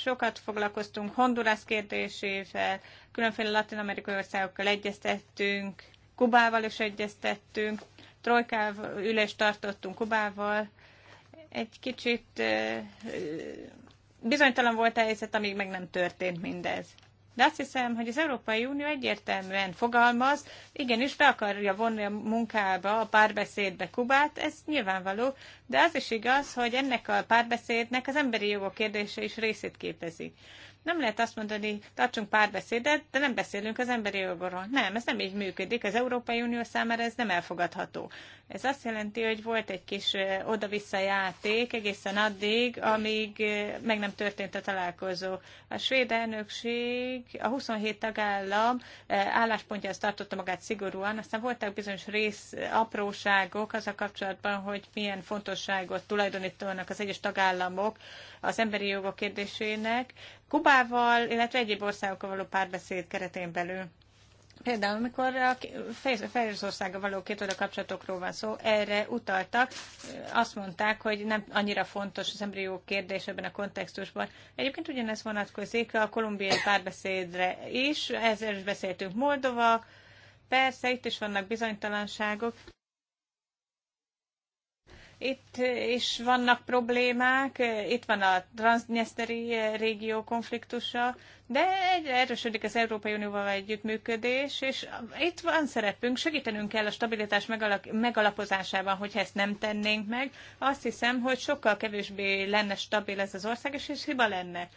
Sokat foglalkoztunk Honduras kérdésével, különféle latin-amerikai országokkal egyeztettünk, Kubával is egyeztettünk, Trojkával ülést tartottunk Kubával. Egy kicsit bizonytalan volt a helyzet, amíg meg nem történt mindez. De azt hiszem, hogy az Európai Unió egyértelműen fogalmaz, igenis be akarja vonni a munkába, a párbeszédbe Kubát, ez nyilvánvaló, de az is igaz, hogy ennek a párbeszédnek az emberi jogok kérdése is részét képezi. Nem lehet azt mondani, tartsunk párbeszédet, de nem beszélünk az emberi jogokról. Nem, ez nem így működik. Az Európai Unió számára ez nem elfogadható. Ez azt jelenti, hogy volt egy kis oda-vissza játék egészen addig, amíg meg nem történt a találkozó. A svéd elnökség, a 27 tagállam álláspontja ezt tartotta magát szigorúan, aztán voltak bizonyos rész apróságok az a kapcsolatban, hogy milyen fontosságot tulajdonítanak az egyes tagállamok az emberi jogok kérdésének, Kubával, illetve egyéb országokkal való párbeszéd keretén belül. Például, amikor a Fehérországgal való oda kapcsolatokról van szó, erre utaltak, azt mondták, hogy nem annyira fontos az embrió kérdés ebben a kontextusban. Egyébként ugyanez vonatkozik a kolumbiai párbeszédre is, ezzel is beszéltünk Moldova, persze itt is vannak bizonytalanságok, itt is vannak problémák, itt van a transznyeszteri régió konfliktusa, de egyre erősödik az Európai Unióval együttműködés, és itt van szerepünk, segítenünk kell a stabilitás megalapozásában, hogyha ezt nem tennénk meg. Azt hiszem, hogy sokkal kevésbé lenne stabil ez az ország, és ez hiba lenne.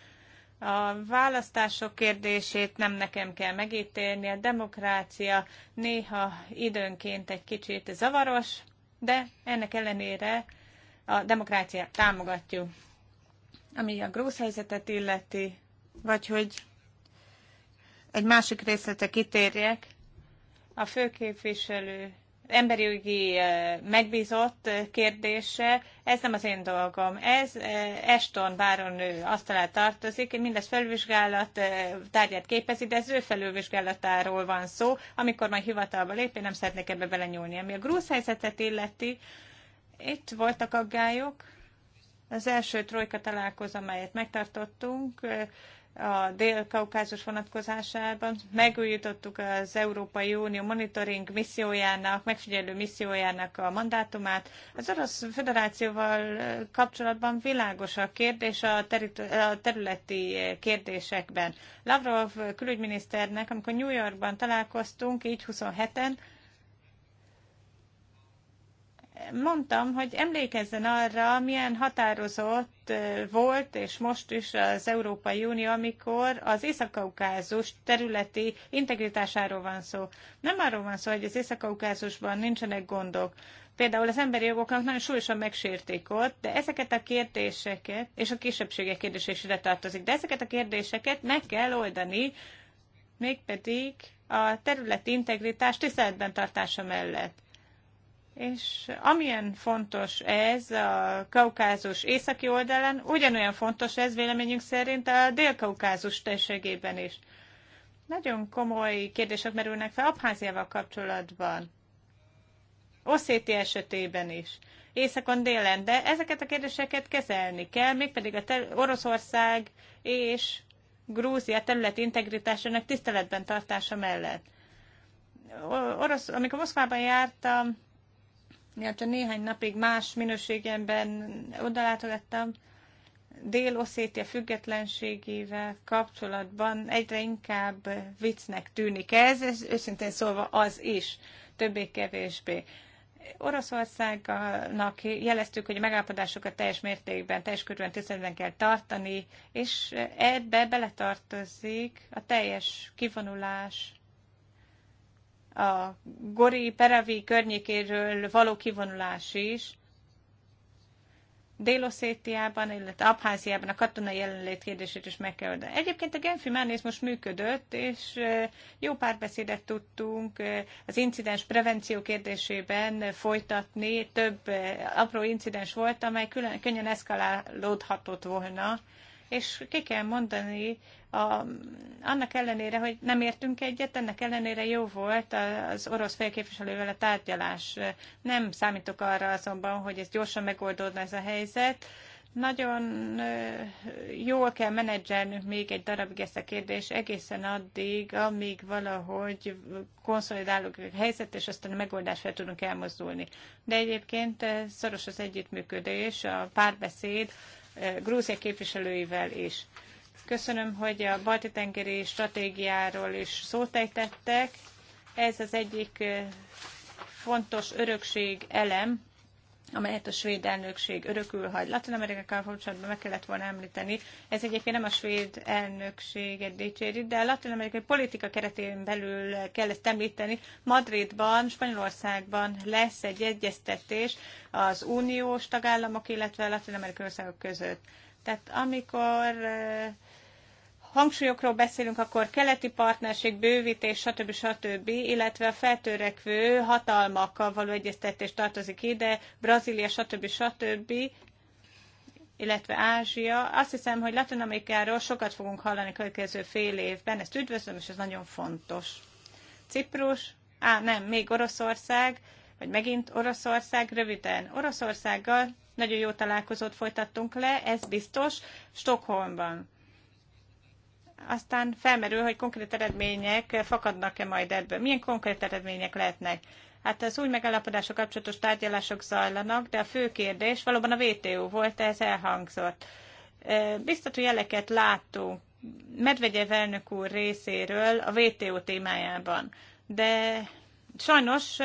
A választások kérdését nem nekem kell megítélni, a demokrácia néha időnként egy kicsit zavaros, de ennek ellenére a demokráciát támogatjuk. Ami a grósz helyzetet illeti, vagy hogy egy másik részlete kitérjek, a főképviselő emberi jogi eh, megbízott eh, kérdése, ez nem az én dolgom. Ez eh, Eston báronő asztalát tartozik, mindez felvizsgálat tárgyát képezi, de ez ő felülvizsgálatáról van szó. Amikor majd hivatalba lép, én nem szeretnék ebbe belenyúlni. Ami a grúz helyzetet illeti, itt voltak aggályok. Az első trojka találkozó, amelyet megtartottunk, a Dél-Kaukázus vonatkozásában. Megújítottuk az Európai Unió monitoring missziójának, megfigyelő missziójának a mandátumát. Az Orosz Föderációval kapcsolatban világos a kérdés a, a területi kérdésekben. Lavrov külügyminiszternek, amikor New Yorkban találkoztunk, így 27-en, mondtam, hogy emlékezzen arra, milyen határozott volt, és most is az Európai Unió, amikor az Észak-Kaukázus területi integritásáról van szó. Nem arról van szó, hogy az Észak-Kaukázusban nincsenek gondok. Például az emberi jogoknak nagyon súlyosan megsérték ott, de ezeket a kérdéseket, és a kisebbségek kérdése is ide tartozik, de ezeket a kérdéseket meg kell oldani, mégpedig a területi integritás tiszteletben tartása mellett és amilyen fontos ez a Kaukázus északi oldalán, ugyanolyan fontos ez véleményünk szerint a Dél-Kaukázus térségében is. Nagyon komoly kérdések merülnek fel Abháziával kapcsolatban, Oszéti esetében is, északon délen, de ezeket a kérdéseket kezelni kell, mégpedig a Oroszország és Grúzia terület integritásának tiszteletben tartása mellett. Orosz, amikor Moszkvában jártam, miatt néhány napig más minőségemben odalátogattam, Dél-Oszétia függetlenségével kapcsolatban egyre inkább viccnek tűnik ez, ez őszintén szólva az is, többé-kevésbé. Oroszországnak jeleztük, hogy a megállapodásokat teljes mértékben, teljes körülön tiszteletben kell tartani, és ebbe beletartozik a teljes kivonulás a Gori Peravi környékéről való kivonulás is, délosétiában, illetve Abháziában a katonai jelenlét kérdését is meg kell oldani. Egyébként a Genfi Mánész most működött, és jó párbeszédet tudtunk az incidens prevenció kérdésében folytatni. Több apró incidens volt, amely külön, könnyen eszkalálódhatott volna és ki kell mondani, a, annak ellenére, hogy nem értünk egyet, ennek ellenére jó volt az orosz félképviselővel a tárgyalás. Nem számítok arra azonban, hogy ez gyorsan megoldódna ez a helyzet. Nagyon jól kell menedzselnünk még egy darabig ezt a kérdést, egészen addig, amíg valahogy konszolidálunk a helyzet, és aztán a megoldás fel tudunk elmozdulni. De egyébként szoros az együttműködés, a párbeszéd, Grúzia képviselőivel is. Köszönöm, hogy a balti-tengeri stratégiáról is szót ejtettek. Ez az egyik eh, fontos örökség elem, amelyet a svéd elnökség örökül hagy. Latin Amerikával kapcsolatban meg kellett volna említeni. Ez egyébként nem a svéd elnökséget dicséri, de a latin amerikai politika keretén belül kell ezt említeni. Madridban, Spanyolországban lesz egy egyeztetés az uniós tagállamok, illetve a latin amerikai országok között. Tehát amikor hangsúlyokról beszélünk, akkor keleti partnerség, bővítés, stb. stb., illetve a feltörekvő hatalmakkal való egyeztetés tartozik ide, Brazília, stb. stb., illetve Ázsia. Azt hiszem, hogy Latin Amerikáról sokat fogunk hallani következő fél évben, ezt üdvözlöm, és ez nagyon fontos. Ciprus, á nem, még Oroszország, vagy megint Oroszország, röviden. Oroszországgal nagyon jó találkozót folytattunk le, ez biztos, Stockholmban aztán felmerül, hogy konkrét eredmények fakadnak-e majd ebből. Milyen konkrét eredmények lehetnek? Hát az új megállapodások kapcsolatos tárgyalások zajlanak, de a fő kérdés valóban a VTO volt, ez elhangzott. Biztató jeleket láttunk Medvegyev elnök úr részéről a VTO témájában, de sajnos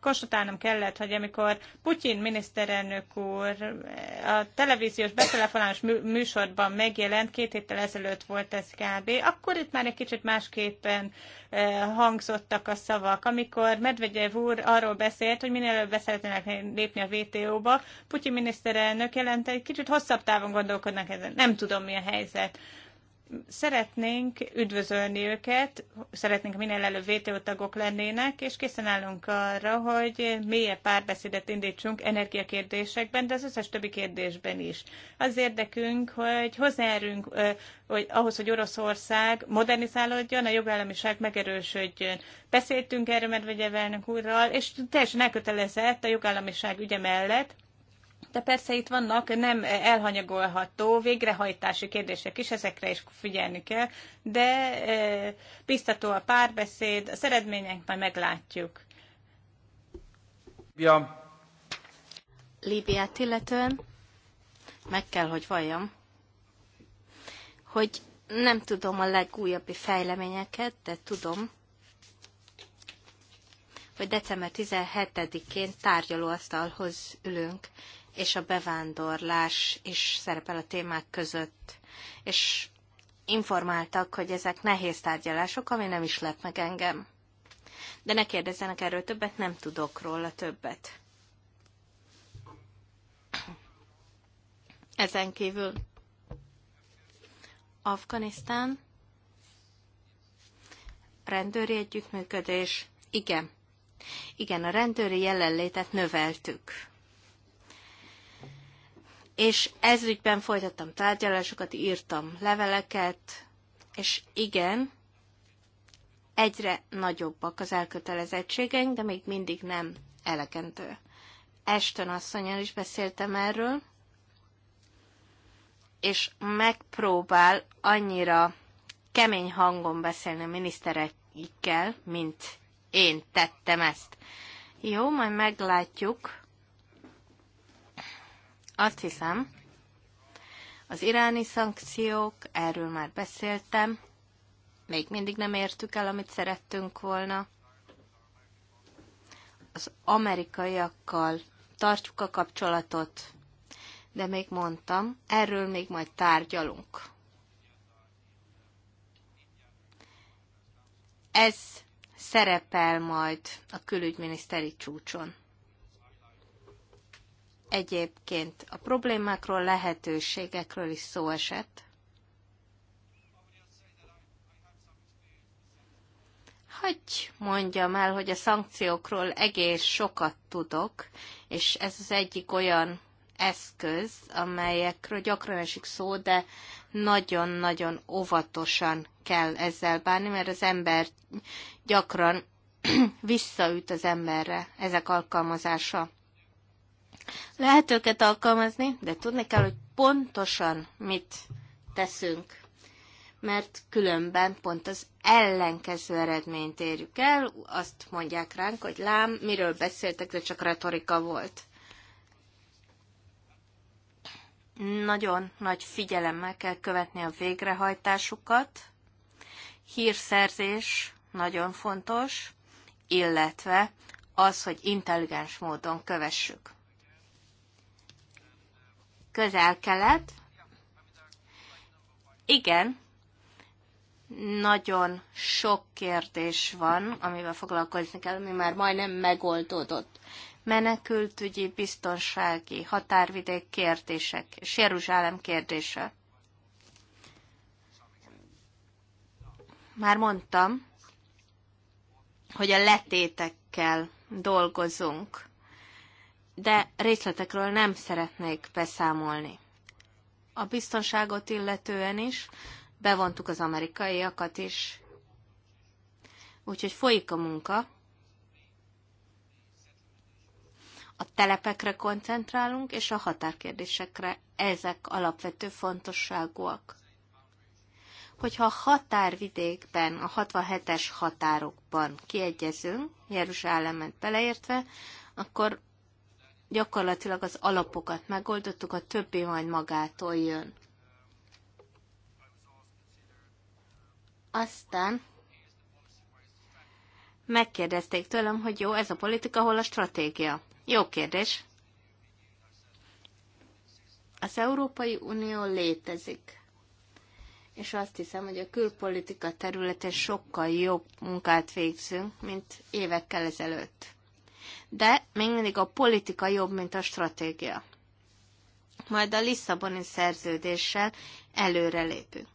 konstatálnom kellett, hogy amikor Putyin miniszterelnök úr eh, a televíziós betelefonálás műsorban megjelent, két héttel ezelőtt volt ez kb., akkor itt már egy kicsit másképpen eh, hangzottak a szavak. Amikor Medvegyev úr arról beszélt, hogy minél előbb beszeretnének lépni a vto ba Putyin miniszterelnök jelent, egy kicsit hosszabb távon gondolkodnak ezen. Nem tudom, mi a helyzet. Szeretnénk üdvözölni őket, szeretnénk minél előbb VTO tagok lennének, és készen állunk arra, hogy mélyebb párbeszédet indítsunk energiakérdésekben, de az összes többi kérdésben is. Az érdekünk, hogy hozzáérünk hogy ahhoz, hogy Oroszország modernizálódjon, a jogállamiság megerősödjön. Beszéltünk erről Medvegyev elnök úrral, és teljesen elkötelezett a jogállamiság ügye mellett, de persze itt vannak nem elhanyagolható végrehajtási kérdések is, ezekre is figyelni kell, de e, biztató a párbeszéd, az eredmények majd meglátjuk. Ja. Líbiát illetően meg kell, hogy valljam, hogy nem tudom a legújabbi fejleményeket, de tudom, hogy december 17-én tárgyalóasztalhoz ülünk, és a bevándorlás is szerepel a témák között. És informáltak, hogy ezek nehéz tárgyalások, ami nem is lep meg engem. De ne kérdezzenek erről többet, nem tudok róla többet. Ezen kívül Afganisztán, rendőri együttműködés, igen. Igen, a rendőri jelenlétet növeltük és ezügyben folytattam tárgyalásokat, írtam leveleket, és igen, egyre nagyobbak az elkötelezettségeink, de még mindig nem elekentő. Esten asszonyjal is beszéltem erről, és megpróbál annyira kemény hangon beszélni a miniszterekkel, mint én tettem ezt. Jó, majd meglátjuk, azt hiszem, az iráni szankciók, erről már beszéltem, még mindig nem értük el, amit szerettünk volna. Az amerikaiakkal tartjuk a kapcsolatot, de még mondtam, erről még majd tárgyalunk. Ez szerepel majd a külügyminiszteri csúcson. Egyébként a problémákról, lehetőségekről is szó esett. Hogy mondjam el, hogy a szankciókról egész sokat tudok, és ez az egyik olyan eszköz, amelyekről gyakran esik szó, de nagyon-nagyon óvatosan kell ezzel bánni, mert az ember gyakran visszaüt az emberre ezek alkalmazása. Lehet őket alkalmazni, de tudni kell, hogy pontosan mit teszünk, mert különben pont az ellenkező eredményt érjük el, azt mondják ránk, hogy lám, miről beszéltek, de csak retorika volt. Nagyon nagy figyelemmel kell követni a végrehajtásukat, hírszerzés nagyon fontos, illetve az, hogy intelligens módon kövessük közel-kelet. Igen, nagyon sok kérdés van, amivel foglalkozni kell, ami már majdnem megoldódott. Menekültügyi, biztonsági, határvidék kérdések, és Jeruzsálem kérdése. Már mondtam, hogy a letétekkel dolgozunk de részletekről nem szeretnék beszámolni. A biztonságot illetően is bevontuk az amerikaiakat is, úgyhogy folyik a munka. A telepekre koncentrálunk, és a határkérdésekre. Ezek alapvető fontosságúak. Hogyha a határvidékben, a 67-es határokban kiegyezünk, Jeruzsálemet beleértve, akkor gyakorlatilag az alapokat megoldottuk, a többi majd magától jön. Aztán megkérdezték tőlem, hogy jó, ez a politika, hol a stratégia? Jó kérdés. Az Európai Unió létezik, és azt hiszem, hogy a külpolitika területen sokkal jobb munkát végzünk, mint évekkel ezelőtt de még mindig a politika jobb, mint a stratégia. Majd a Lisszaboni szerződéssel előrelépünk.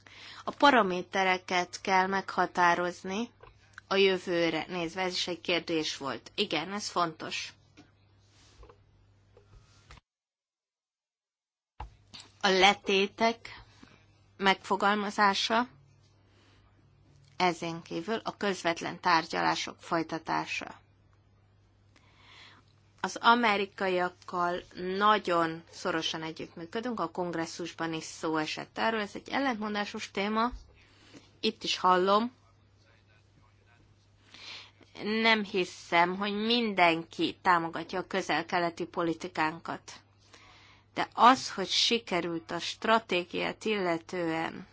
A paramétereket kell meghatározni a jövőre nézve, ez is egy kérdés volt. Igen, ez fontos. A letétek megfogalmazása, ezen kívül a közvetlen tárgyalások folytatása az amerikaiakkal nagyon szorosan együttműködünk, a kongresszusban is szó esett erről, ez egy ellentmondásos téma, itt is hallom. Nem hiszem, hogy mindenki támogatja a közel-keleti politikánkat. De az, hogy sikerült a stratégiát illetően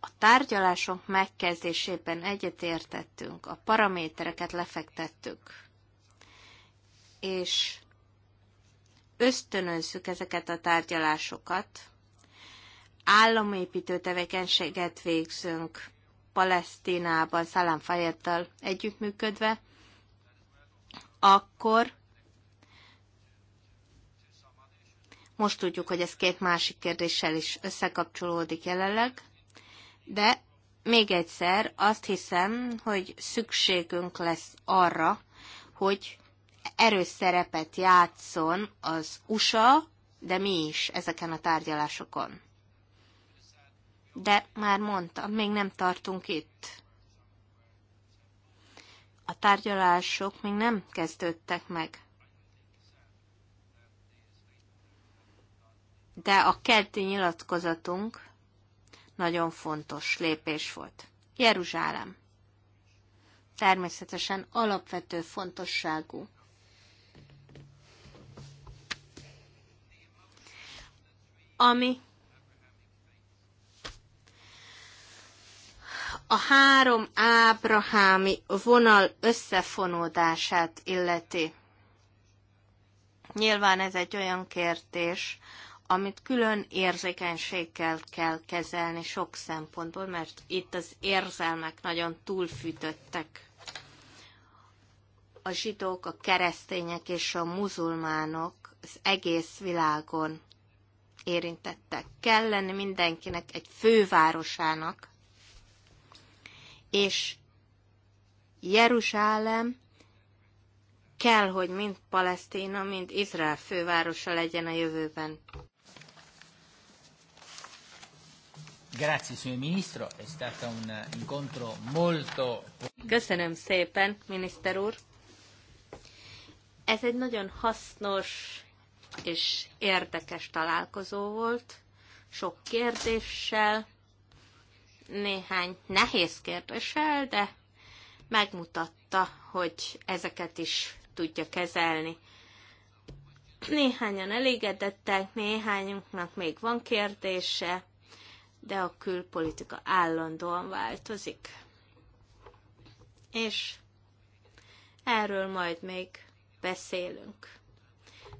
a tárgyalások megkezdésében egyetértettünk, a paramétereket lefektettük, és ösztönözzük ezeket a tárgyalásokat, államépítő tevékenységet végzünk Palesztinában, Szalám Fayettal együttműködve, akkor most tudjuk, hogy ez két másik kérdéssel is összekapcsolódik jelenleg, de még egyszer azt hiszem, hogy szükségünk lesz arra, hogy erős szerepet játszon az USA, de mi is ezeken a tárgyalásokon. De már mondtam, még nem tartunk itt. A tárgyalások még nem kezdődtek meg. De a kelti nyilatkozatunk nagyon fontos lépés volt. Jeruzsálem. Természetesen alapvető fontosságú ami a három ábrahámi vonal összefonódását illeti. Nyilván ez egy olyan kérdés, amit külön érzékenységgel kell kezelni sok szempontból, mert itt az érzelmek nagyon túlfűtöttek. A zsidók, a keresztények és a muzulmánok az egész világon érintettek. Kell lenni mindenkinek egy fővárosának, és Jeruzsálem kell, hogy mind Palesztina, mind Izrael fővárosa legyen a jövőben. Grazie, signor Ministro. È stato un incontro molto... Köszönöm szépen, miniszter úr. Ez egy nagyon hasznos és érdekes találkozó volt, sok kérdéssel, néhány nehéz kérdéssel, de megmutatta, hogy ezeket is tudja kezelni. Néhányan elégedettek, néhányunknak még van kérdése, de a külpolitika állandóan változik. És erről majd még beszélünk.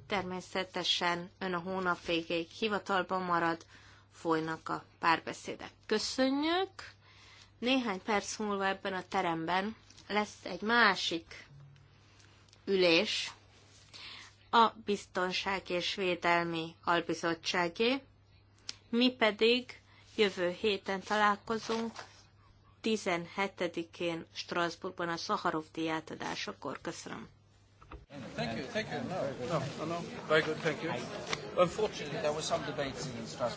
Természetesen ön a hónap végéig hivatalban marad, folynak a párbeszédek. Köszönjük! Néhány perc múlva ebben a teremben lesz egy másik ülés, a Biztonság és Védelmi Albizottságé. Mi pedig jövő héten találkozunk 17-én Strasbourgban a Szaharov díjátadásakor. Köszönöm. Thank you, thank you. No, no, no. Very good, thank you. Unfortunately, there were some debates in Strasbourg.